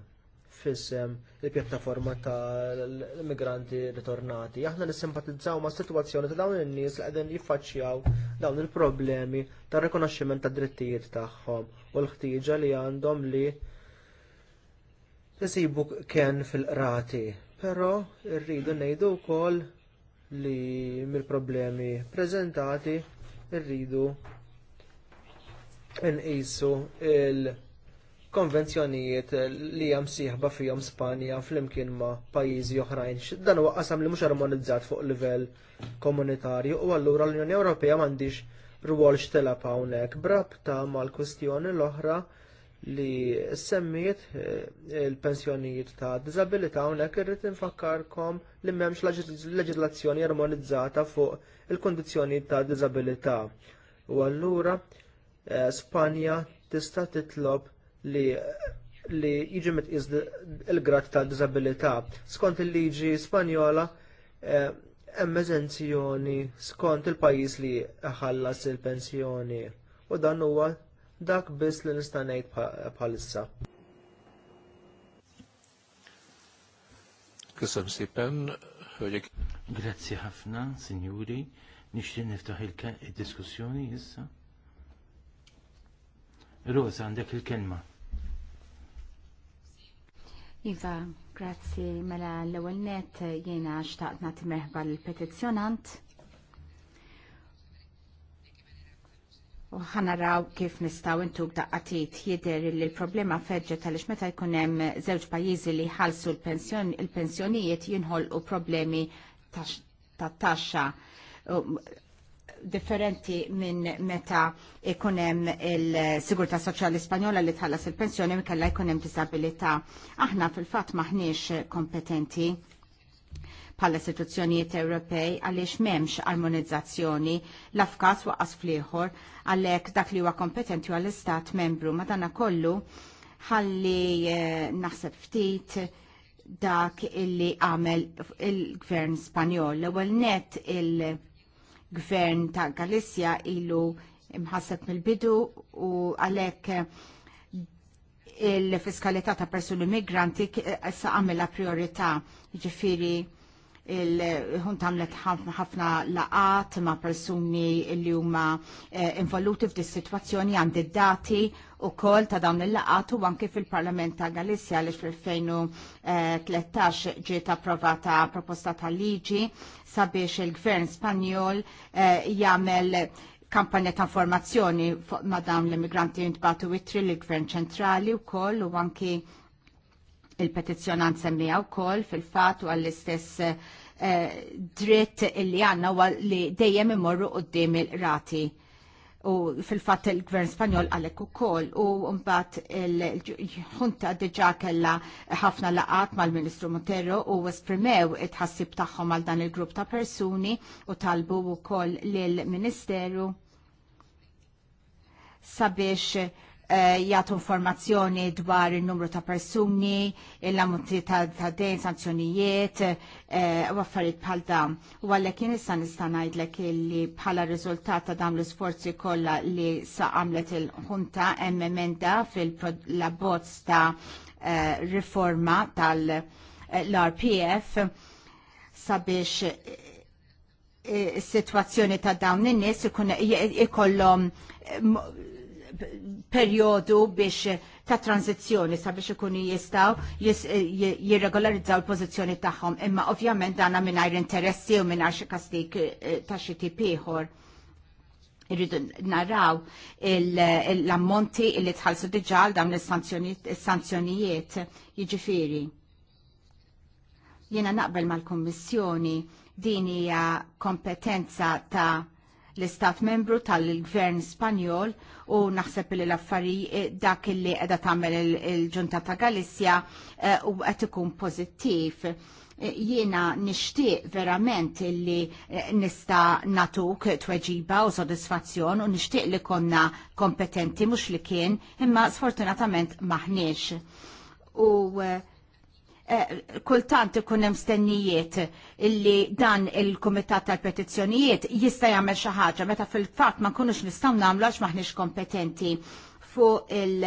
fissem il-pjattaforma tal-immigranti ritornati. Aħna nissimpatizzaw ma' situazzjoni ta' dawn in-nies li qegħdin jiffaċċjaw dawn il-problemi tar rikonoxximent tad drittijiet tagħhom u l-ħtieġa li għandhom li isibu kien fil-qrati. Però rridu ngħidu wkoll li mill-problemi preżentati rridu nqisu il- konvenzjonijiet li hemm sieħba fihom Spanja flimkien ma' pajjiżi oħrajn. Dan huwa qasam li mhux armonizzat fuq livell komunitarju u allura l-Unjoni Ewropea m'għandix rwol xtelab hawnhekk brabta mal-kwistjoni l-oħra li semmiet eh, il-pensjonijiet ta' diżabilità hawnhekk irrid infakkarkom li m'hemmx leġislazzjoni armonizzata fuq il kundizzjonijiet ta' diżabilità. U allura eh, Spanja tista' titlob li li jiġi mitqis il-grad ta' disabilità. Skont il-liġi Spanjola eh, hemm eżenzjoni skont il-pajjiż li ħallas il-pensjoni u dan huwa dak biss li nista' ngħid bħalissa. Kisem sipen, Grazzi ħafna, sinjuri, nixtieq niftaħ il-diskussjoni issa. Rosa, għandek il-kelma. Iva, grazzi mela l-ewwel net jiena xtaqt nagħti meħba l-petizzjonant. U raw kif nistaw intuk daqqatit jider li l-problema tal-ix meta jkun hemm żewġ pajjiżi li ħalsu l-pensjonijiet jinħolqu problemi ta' taxxa differenti minn meta ikunem il-Sigurta Soċjali Spanjola li tħallas il-pensjoni mikella ikunem disabilità. Aħna fil-fat maħniex kompetenti bħala istituzzjonijiet Ewropej għaliex memx armonizzazzjoni l-afkas waqqas fliħor għalhekk dak li huwa kompetenti għall-istat membru madana kollu ħalli eh, naħseb ftit dak illi għamel il-gvern Spanjol. L-ewwel net il- gvern ta' Galizja ilu imħasseb mill-bidu u għalek il-fiskalità ta' persuni migranti sa' għamela priorità ġifiri il-ħun tamlet ħafna laqat ma' persuni li huma eh, involuti f'di situazzjoni għandi dati u kol ta' dawn il-laqat u anke fil-Parlament ta' Galizja li fil-2013 ġiet approvata proposta ta' liġi sabiex il-Gvern Spanjol eh, jagħmel kampanja ta' informazzjoni ma' dawn l-immigranti jintbatu witri l-Gvern ċentrali u kol u anki Il-petizzjonant semmija wkoll fil-fatt u għall-istess eh, dritt illi għandna li dejjem imorru d-dim il-rati u fil-fat il-gvern spanjol għalek u kol u mbat il-ħunta diġa kella ħafna laqat mal-Ministru Montero u esprimew it-ħassib taħħom għal dan il-grupp ta' persuni u talbu u kol l-Ministeru sabiex Eh, jgħatu informazzjoni dwar il-numru ta' persuni, il lamuti ta' dejn, sanzjonijiet, eh, u għaffariet bħal dam. U għallek jien issa nista' ngħidlek li bħala riżultat ta' dawn l-isforzi kollha li sa' għamlet il-ħunta hemm emenda fil-labbozz ta' eh, riforma tal-RPF sabiex situazzjoni ta' dawn in-nies ikollhom perjodu biex ta' tranzizjoni sabiex ikunu jistaw jirregolarizzaw il-pożizzjoni tagħhom. Imma ovvjament dana mingħajr interessi u mingħajr xi kastik eh, ta' xi tip irridu naraw l-ammonti li tħallsu diġà għal dawn is-sanzjonijiet jiġifieri. Jiena naqbel mal-Kummissjoni din hija kompetenza ta' l-Istat membru tal-Gvern Spanjol u naħseb li l-affari eh, dak li qiegħda tagħmel il-Ġunta ta' Galizja eh, u qed ikun pożittiv. Eh, jiena nixtieq verament li nista natuk tweġiba u sodisfazzjon u nixtieq li konna kompetenti mhux li kien imma sfortunatament maħniex. U uh, Eh, kultant ikun hemm stennijiet illi dan il-Kumitat tal-Petizzjonijiet jista' jagħmel xi ħaġa meta fil-fatt ma nkunux nistgħu nagħmlu għax maħniex kompetenti fuq il-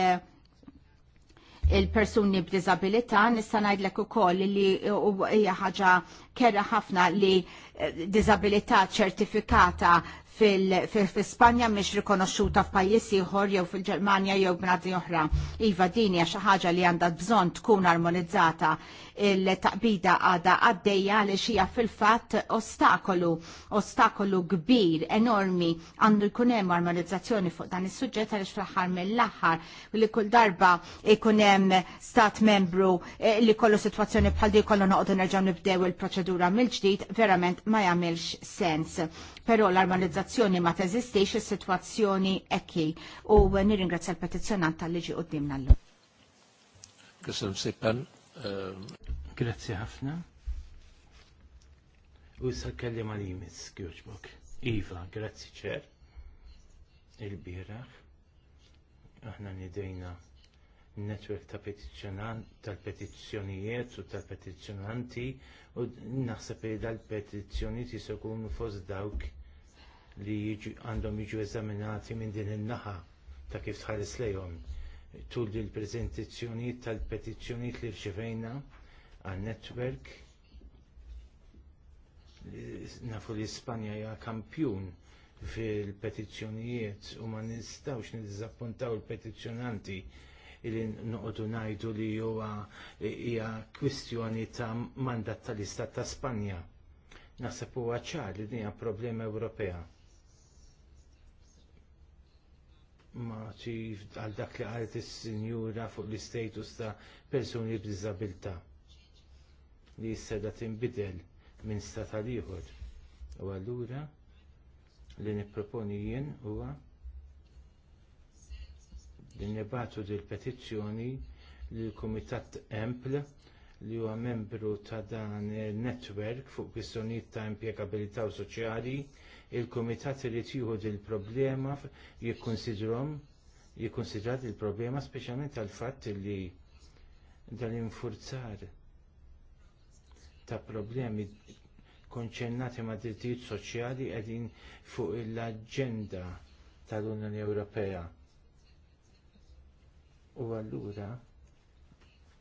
il-persuni b'dizabilità nista' ngħidlek ukoll li hija ħaġa kera ħafna li eh, diżabilità ċertifikata fil-Spanja mhix rikonoxxuta f'pajjiż ieħor jew fil-Ġermanja jew b'nadi oħra. Iva dini għax ħaġa li għandha bżonn tkun armonizzata il-taqbida għada għaddeja li xija fil-fat ostakolu, ostakolu kbir, enormi, għandu jkunem armonizzazzjoni fuq dan is-suġġett għaliex fl-aħħar mill-aħħar li kull darba jkunem stat membru eh, li kollu situazzjoni bħal di kollu noqdu nerġaw nibdew il-proċedura mill-ġdid verament ma jamilx sens. Però l-armonizzazzjoni ma teżistix is-sitwazzjoni ekki u nirringrazzja l-petizzjonant tal-liġi qudiemna llum. Köszönöm szépen. Grazzi ħafna. U issa kelli ma limis, kjoċbok. Iva, grazzi ċer. Il-biraħ. Aħna nidejna netwerk ta' tal-petizzjonijiet u tal-petizzjonanti u naħseb li dal-petizzjonijiet jisu jkunu fost dawk li għandhom jiġu eżaminati minn din in-naħa ta' kif tħares lejhom tul il preżentizzjonijiet tal-petizzjonijiet li rċevejna għal netwerk nafu li Spanja hija kampjun fil-petizzjonijiet u ma nistawx nizzappuntaw il-petizzjonanti li noqogħdu ngħidu li huwa hija kwistjoni ta' mandat tal-Istat ta' Spanja. Naħseb huwa ċar li dinja problema Ewropea maċi għal dak li għalet il-sinjura fuq l-istatus ta' persuni b'dizabilta li jisseda timbidel minn stat għal ieħor. U allura li nipproponi jien huwa li nibatu dil petizzjoni li l kumitat Empl li huwa membru ta' dan il-netwerk fuq kwistjonijiet ta' impjegabilità u soċjali il-Kumitat irid jieħu il-problema jikkonsidrhom jikkonsidrat il-problema speċjalment għal fatt li dal-infurzar ta' problemi konċernati ma' drittijiet soċjali qegħdin fuq l agenda tal-Unjoni Ewropea. U allura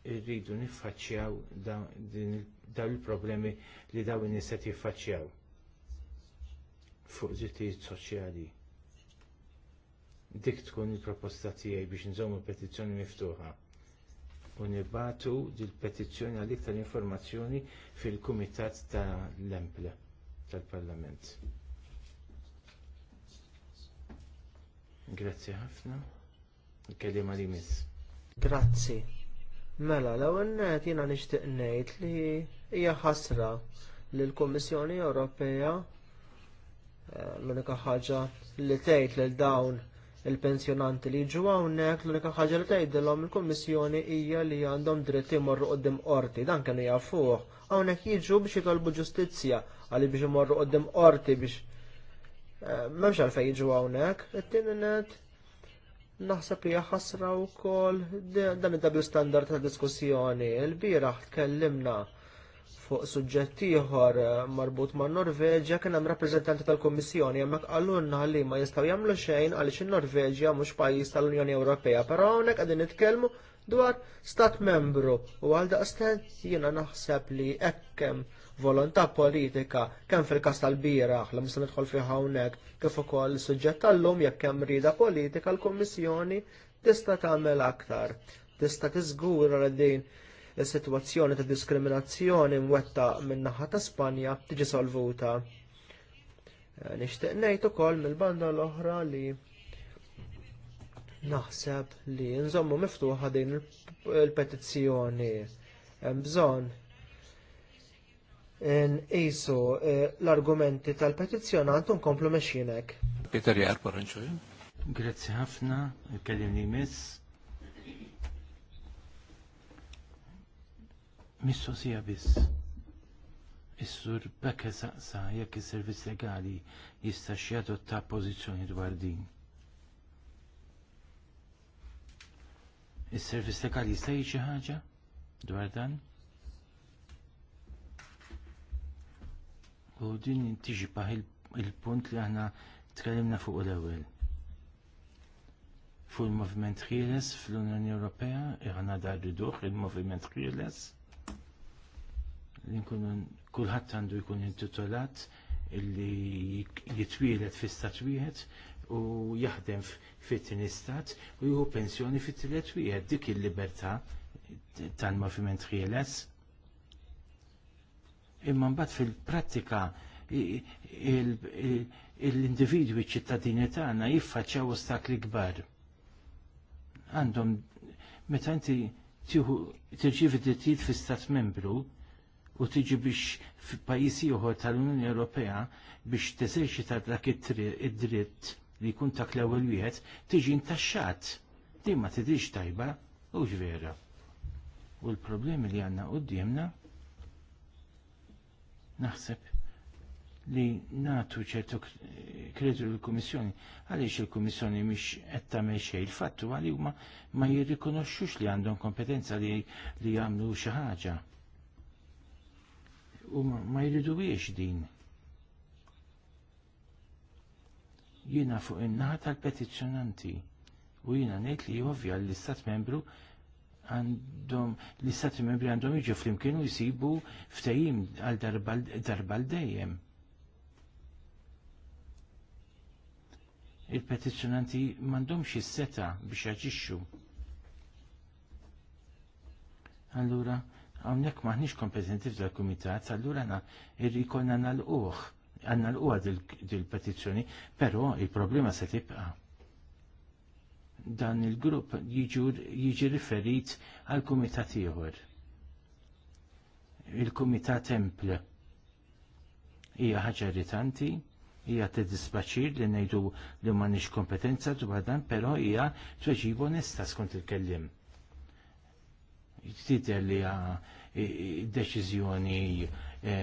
irridu niffaċċjaw dawn il-problemi li dawn in-nies jiffaċċjaw fuq drittijiet soċjali. Dik tkun il-proposta tiegħi biex nżommu petizzjoni miftuħa u nibatu dil-petizzjoni għal iktar informazzjoni fil-Kumitat tal-Emple tal-Parlament. Grazzi ħafna. Kelima li mis. Grazzi. Mela, l-ewwel net jiena nixtieq ngħid li hija ħasra l-Kummissjoni Ewropea l-unika ħaġa li tgħid lil dawn il-pensjonanti li jiġu hawnhekk l-unika ħaġa li tgħidilhom il-Kummissjoni hija li għandhom dritt imorru qudiem qorti dan kienu jafuh hawnhekk jiġu biex jitolbu ġustizzja għal biex imorru qudiem qorti biex eh, m'hemmx għalfejn jiġu hawnhekk. It-tieni net naħseb li ħasra wkoll dan id-double standard ta' diskussjoni. Il-bieraħ tkellimna Fuq suġġetti ieħor eh, marbut man Norveġja kien hemm rappreżentanti tal-Kummissjoni hemmhekk għallunna li ma jistgħu jagħmlu xejn għaliex in-Norveġja mhux pajjiż tal-Unjoni Ewropea, però hawnhekk qegħdin nitkellmu dwar stat membru u għal daqstent jiena naħseb li hemm volontà politika kemm fil-kas tal bieraħ li mista nidħol fih hawnhekk kif ukoll suġġett tal-lum jekk hemm rida politika l-Kummissjoni tista' tagħmel aktar. Tista' tiżgura li din is-sitwazzjoni ta' diskriminazzjoni mwetta min-naħa ta' Spanja tiġi solvuta. Eh, nixtieq ngħid ukoll mill-banda l-oħra li naħseb li nżommu miftuħa din il-petizzjoni hemm bżonn nqisu eh, l-argumenti tal-petizzjonant nkomplu mexjinek. Peter Jar Grazzi ħafna, kellimni miss. mistoqsija biss. Is-sur Bekke saqsa jekk is-servizz legali jista' xjadotta pożizzjoni dwar din. Is-servizz legali jista' jiġi xi ħaġa dwar dan? U din tiġi paħ il-punt li aħna tkellimna fuq l-ewwel. Fuq il-Movement Kieles fl-Unjoni Ewropea, aħna dar riduħ il-Movement Ħieles kulħadd għandu jkun intitolat illi jitwielet fi stat wieħed u jaħdem fit-tieni stat u jieħu pensjoni fit-tielet wieħed dik il-libertà tal-moviment ħieles. Imma mbagħad fil-prattika l-individwi ċittadini tagħna jiffaċċjaw ostakli kbar. Għandhom meta inti tirċievi drittijiet fi stat membru, u tiġi biex f'pajjiżi oħor tal-Unjoni Ewropea biex teżerċita dak id-dritt li jkun tak l-ewwel wieħed tiġi intaxxat. Din ma tidix tajba u vera. U l-problemi li għandna qudiemna naħseb li natu ċertu kredu l-Komissjoni, għaliex il-Komissjoni mhix qed tagħmel xejn, il-fattu għali huma ma jirrikonoxxux li għandhom kompetenza li jagħmlu xi ħaġa u ma jridu biex din. Jina fuq in-naħa tal-petizzjonanti u jina ngħid li jovja l-istat membru għandhom l istat membri għandhom jiġu flimkien u jisibu ftajim għal darba dejjem. Il-petizzjonanti m'għandhomx is-seta biex jaġixxu. Allura, Għamnek maħniġ kompetenti f'dal kumitat, allura għana irrikon għanna l-uħ, għanna l-uħ dil-petizjoni, pero il-problema se tibqa. Dan il-grupp jiġi riferit għal kumitat ieħor. Il-kumitat temple hija ħaġa irritanti, hija t-dispaċir li ngħidu li m'għandniex kompetenza dwar dan, però hija weġibu nista' skont il-kellim jtider li deċiżjoni e,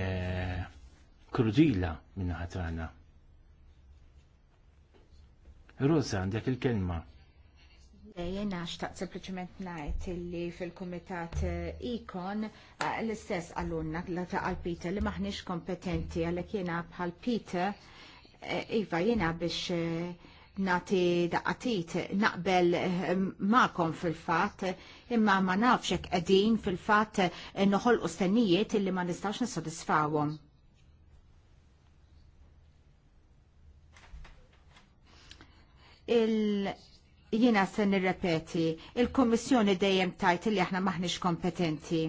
krudila minna ħatana. Rosa, għandek il-kelma. Jena xtaq sempliciment najt li fil-komitat ikon e, e, l-istess għallunna għal-Pita li maħnix kompetenti għalek jena bħal Peter Iva jena biex nati daqatit naqbel eh, ma'kom fil-fat imma ma nafxek edin fil-fat eh, noħol u stennijiet illi ma nistax nisodisfawom. Il jina se nirrepeti, il-Kommissjoni dejjem tajt li aħna maħniex kompetenti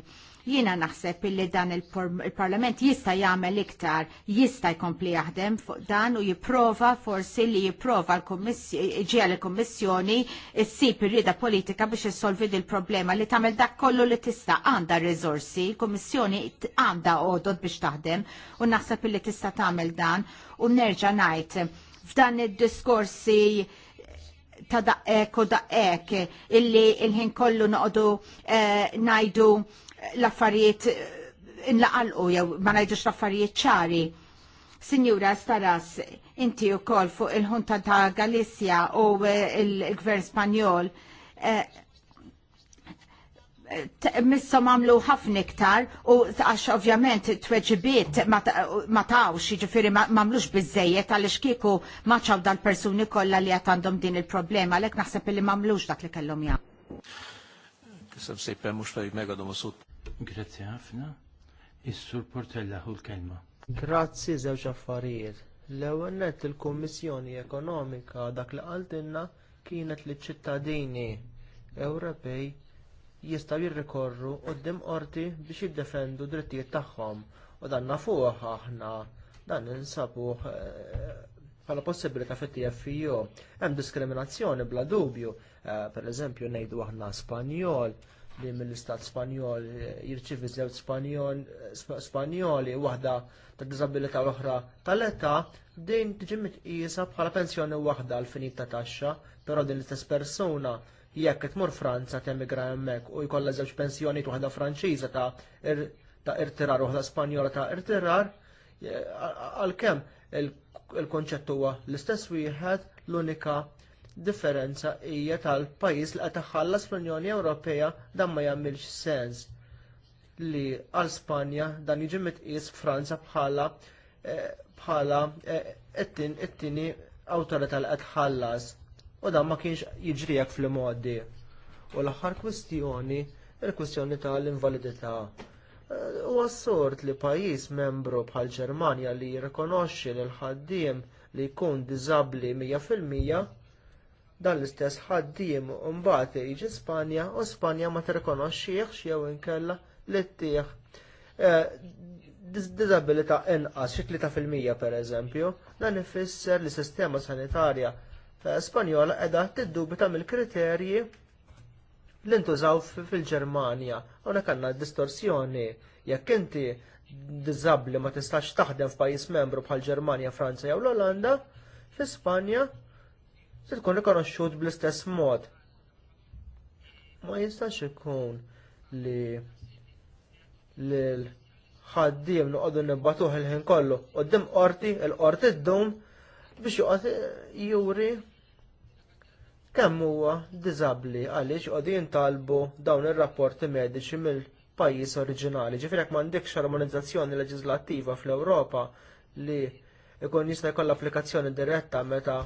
Jiena naħseb illi dan il-Parlament jista' jagħmel iktar, jista' jkompli jaħdem fuq dan u jipprova forsi li jipprova ġiegħ l kommissjoni ssib ir politika biex jissolvi il problema li tagħmel dak kollu li tista' għandha rizorsi, l-Kummissjoni għandha għodod biex taħdem u naħseb illi tista' tagħmel dan u nerġa' ngħid f'dan id-diskorsi ta' daqek u daqek illi il-ħin kollu noqdu eh, najdu l-affarijiet eh, inlaqalqu jew ma ngħidux l-affarijiet ċari. Sinjura Staras, inti u kol fuq il-ħunta ta' Galizja u eh, il-Gvern Spanjol, eh, missom għamlu ħafna iktar u għax ovvjament tweġibiet ma tawx ġifiri ma għamlux bizzejiet għal kieku maċaw dal-persuni kolla li għatandom din il-problema għalek naħseb li ma għamlux dak li kellhom jgħam. Kisem sejpem mux tajib megadom sut Grazzi ħafna. Is-sur Portella hu l-kelma. Grazzi żewġ affarijiet. L-ewwel nett il-Kummissjoni Ekonomika dak li qaltilna kienet li ċittadini Ewropej jistgħu jirrikorru quddiem qorti biex jiddefendu drittijiet tagħhom u dan nafuh aħna dan insabuh eh, bħala possibilità fit TFU. Hemm diskriminazzjoni bla dubju, eh, pereżempju ngħidu aħna Spanjol, li mill-istat Spanjol jirċivi żewġ Spanjol Spanjoli waħda ta' diżabilità l oħra tal-età din tiġi mitqisa bħala pensjoni waħda għal finit ta' taxxa, però din l-istess persuna jekk tmur Franza temigra hemmhekk u jkollha żewġ pensjoni waħda Franċiża ta' ta' irtirar waħda Spanjola ta' irtirar għalkemm il-konċett huwa l-istess wieħed l-unika differenza hija tal-pajjiż li qed iħallas fl-Unjoni Ewropea dan ma jagħmilx sens li għal Spanja dan jiġi mitqies Franza bħala eh, bħala eh, it-tieni awtorità li qed ħallas u dan ma kienx jiġri hekk fil-modi. U l-aħħar kwistjoni il-kwistjoni tal-invalidità. Eh, u assort li pajjiż membru bħal Ġermanja li jirrikonoxxi lil ħaddiem li jkun diżabbli mija fil-mija dan l-istess ħaddiem mbagħad jiġi Spanja u Spanja ma tirrikonoxxih jew inkella li ttieħ eh, disabilità inqas xi tlieta fil-mija pereżempju, dan ifisser li sistema sanitarja eh, Spanjola qiegħda tiddubita mill-kriterji li ntużaw fil-Ġermanja. Unek għandna distorsjoni jekk inti diżabbli ma tistax taħdem f'pajjiż membru bħal Ġermanja, Franza jew l-Olanda, fl Spanja se tkun rikonoxxut bl-istess mod. Ma jistax ikun li l-ħaddiem noqogħdu nibbatuh il-ħin kollu qudiem qorti, il-qorti ddum biex joqgħod juri kemm huwa diżabbli għaliex qogħdu jintalbu dawn ir-rapporti mediċi mill-pajjiż oriġinali. Ġifier jekk m'għandekx armonizzazzjoni leġislattiva fl-Ewropa li ikun jista' jkollha applikazzjoni diretta meta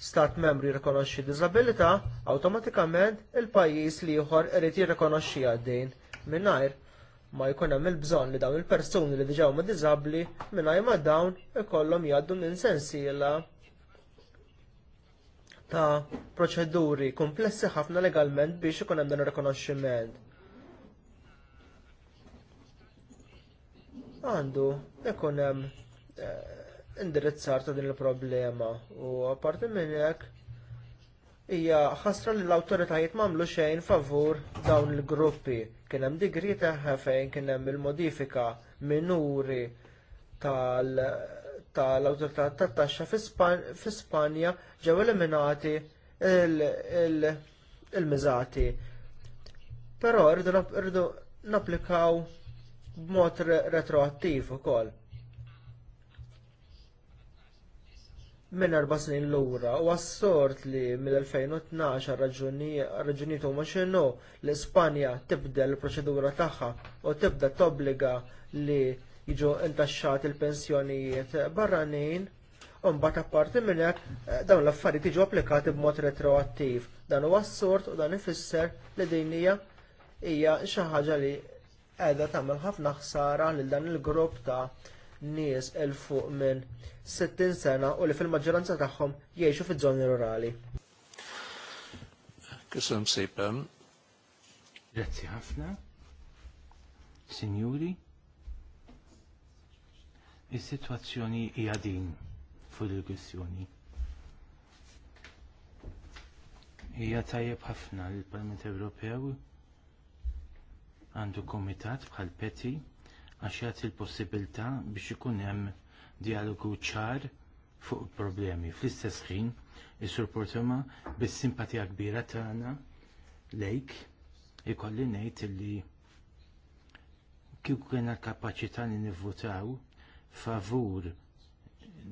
stat membri rikonoxxi diżabilità, awtomatikament il-pajjiż li ieħor irid jirrikonoxxi għaddejn mingħajr ma jkun hemm il-bżonn li dawn il-persuni li diġà huma diżabbli mingħajr ma dawn ikollhom jgħaddu minn sensiela ta' proċeduri komplessi ħafna legalment biex ikun hemm dan ir-rikonoxximent. Għandu ikun hemm eh, indirizzar ta' din il-problema u apparti minn hekk hija ħasra li l-awtoritajiet m'għamlu xejn favur dawn il-gruppi. Kien hemm digri ta' fejn kien hemm il-modifika minuri tal-awtorità tat-taxxa fi Spanja ġew eliminati il-miżati. Però rridu napplikaw b'mod retroattiv ukoll. minn erba snin lura u s-sort li mill-2012 raġunijiet huma x'inhu l-Ispanja tibdel il-proċedura tagħha u tibda tobbliga li jiġu intaxxat il-pensjonijiet barranin u mbagħad apparti minn hekk eh, dawn l-affarijiet jiġu applikati b'mod retroattiv. Dan huwa assort u dan ifisser li din hija hija xi ħaġa li qiegħda tagħmel ħafna ħsara lil dan il-grupp ta' nies el fuq minn 60 sena u li fil-maġġoranza tagħhom jgħixu fiż-żoni rurali. Kisem sejpem. Grazzi ħafna. Signuri. is-sitwazzjoni hija din fuq il-kwistjoni. Hija tajjeb ħafna l-Parlament Ewropew għandu komitat bħal Peti għax jagħti l-possibilità biex ikun hemm dialogu ċar fuq il-problemi. Fl-istess ħin, is-Sur Portuma bis-simpatija kbira tagħna lejk ikolli ngħid li kieku kena kapaċità li nivvutaw favur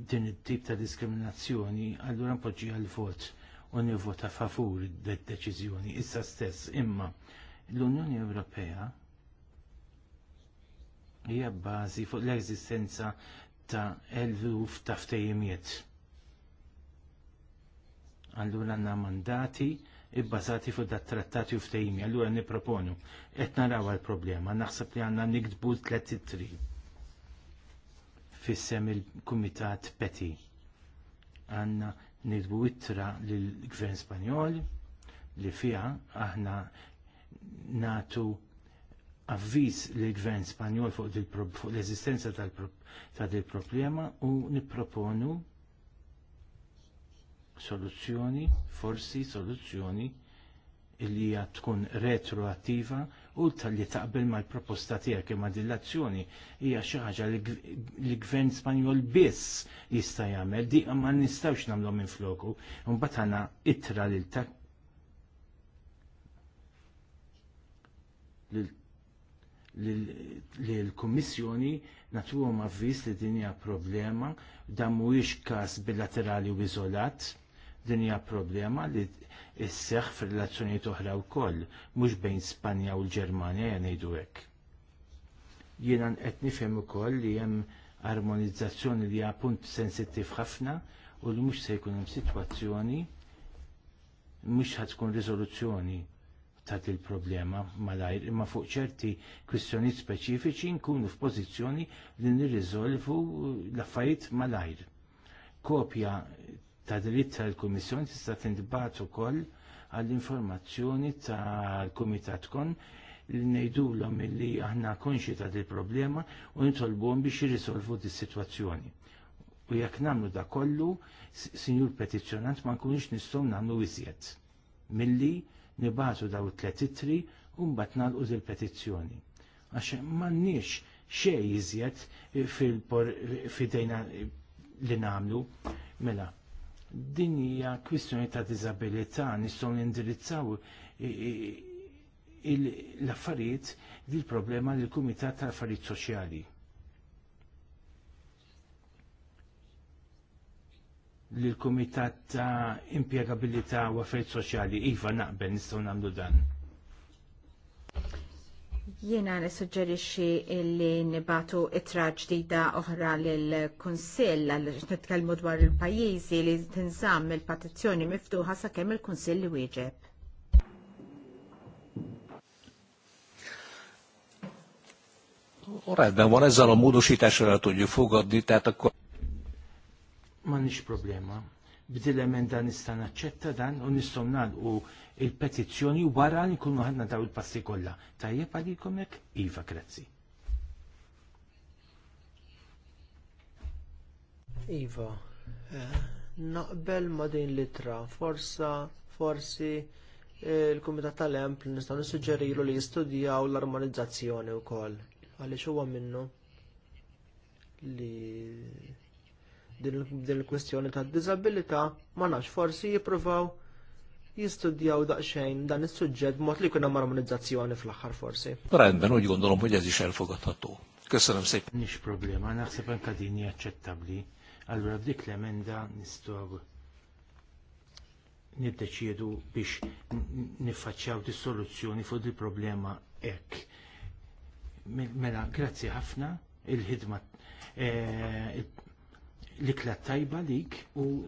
din it-tip ta' diskriminazzjoni, allura npoġġi għal-vot u nivvota favur d-deċiżjoni issa stess imma l-Unjoni Ewropea hija bbażi fuq l-eżistenza ta' eluf ta' ftejimiet. Allura għandna mandati ibbażati fuq dat trattati u ftejimi, allura nipproponu qed naraw għall-problema, naħseb li għandna nikdbu tliet titri fissem il-Kumitat Peti. Għandna nikdbu ittra lill-Gvern Spanjol li fiha aħna natu avviż lill gvern Spanjol fuq l-eżistenza tal problema u nipproponu soluzzjoni, forsi soluzzjoni illi hija tkun retroattiva u tal-li taqbel mal-proposta tiegħek imma dilazzjoni hija xi ħaġa li gvern Spanjol biss jista' jagħmel, di ma nistgħux nagħmlu minn floku. Imbagħad għandna ittra lil li l-Kummissjoni natuhom avviż li din hija problema dan mhuwiex każ bilaterali u iżolat din hija problema li isseħħ f'relazzjonijiet oħra wkoll mhux bejn Spanja u l germania ja ngħidu hekk. Jiena qed nifhem ukoll li hemm armonizzazzjoni li hija punt sensittiv ħafna u li mhux se jkun hemm sitwazzjoni mhux ħad tkun ta' il-problema malajr, imma fuq ċerti kwistjonijiet speċifiċi nkunu f'pożizzjoni li nirriżolvu l affajt malajr. Kopja ta' dritt tal-Kummissjoni tista' tintbagħat ukoll għall-informazzjoni tal-Kumitat kon li ngħidulhom li aħna konxi ta' il problema u nitolbuhom biex jirrisolvu dis-sitwazzjoni. U jekk nagħmlu da kollu, sinjur petizzjonant ma nkunx nistgħu nagħmlu iżjed milli nibatu daw tlet titri u mbagħad nagħlqu il-petizzjoni. Għax m'għandniex xej iżjed fidejna li nagħmlu mela. Din hija kwistjoni ta' diżabilità nistgħu nindirizzaw l-affarijiet il problema l-Kumitat tal-Affarijiet Soċjali. l-Kumitat ta' Impjegabilità u Affarijiet Soċjali iva naqbel nistgħu nagħmlu dan. Jiena nissuġġerixxi li nibatu itra ġdida oħra lil kunsill għal nitkellmu dwar il-pajjiżi li tinżamm il-petizzjoni miftuħa sakemm il-Kunsill li wieġeb. Rendben van, ezzel a módosításra tudjuk fogadni, tehát akkor m'għandniex problema. B'dil emenda nista' naċċetta dan u nistgħu u il-petizzjoni wara li nkunu ħadna daw il-passi kollha. Tajjeb għalikom hekk? Iva, grazzi. Iva, eh, naqbel ma din litra, forsa, forsi eh, il-Kumitat tal-Empl nistgħu nissuġġerilu li jistudjaw l-armonizzazzjoni wkoll għaliex huwa minnu li din il kwestjoni ta' diżabilità ma nafx forsi jipruvaw jistudjaw daqsxejn dan is-suġġett mod li kuna marmonizzazzjoni fl-aħħar forsi. Rendben u jgondolhom bħedja di xelfu għattattu. Kessan msejt. Nix problema, naħseb anka din hija aċċettabbli. Allura f'dik l-emenda nistgħu niddeċiedu biex niffaċċjaw di soluzzjoni fuq di problema hekk. Mela, grazzi ħafna il-ħidma eh, l-ikla tajba lik u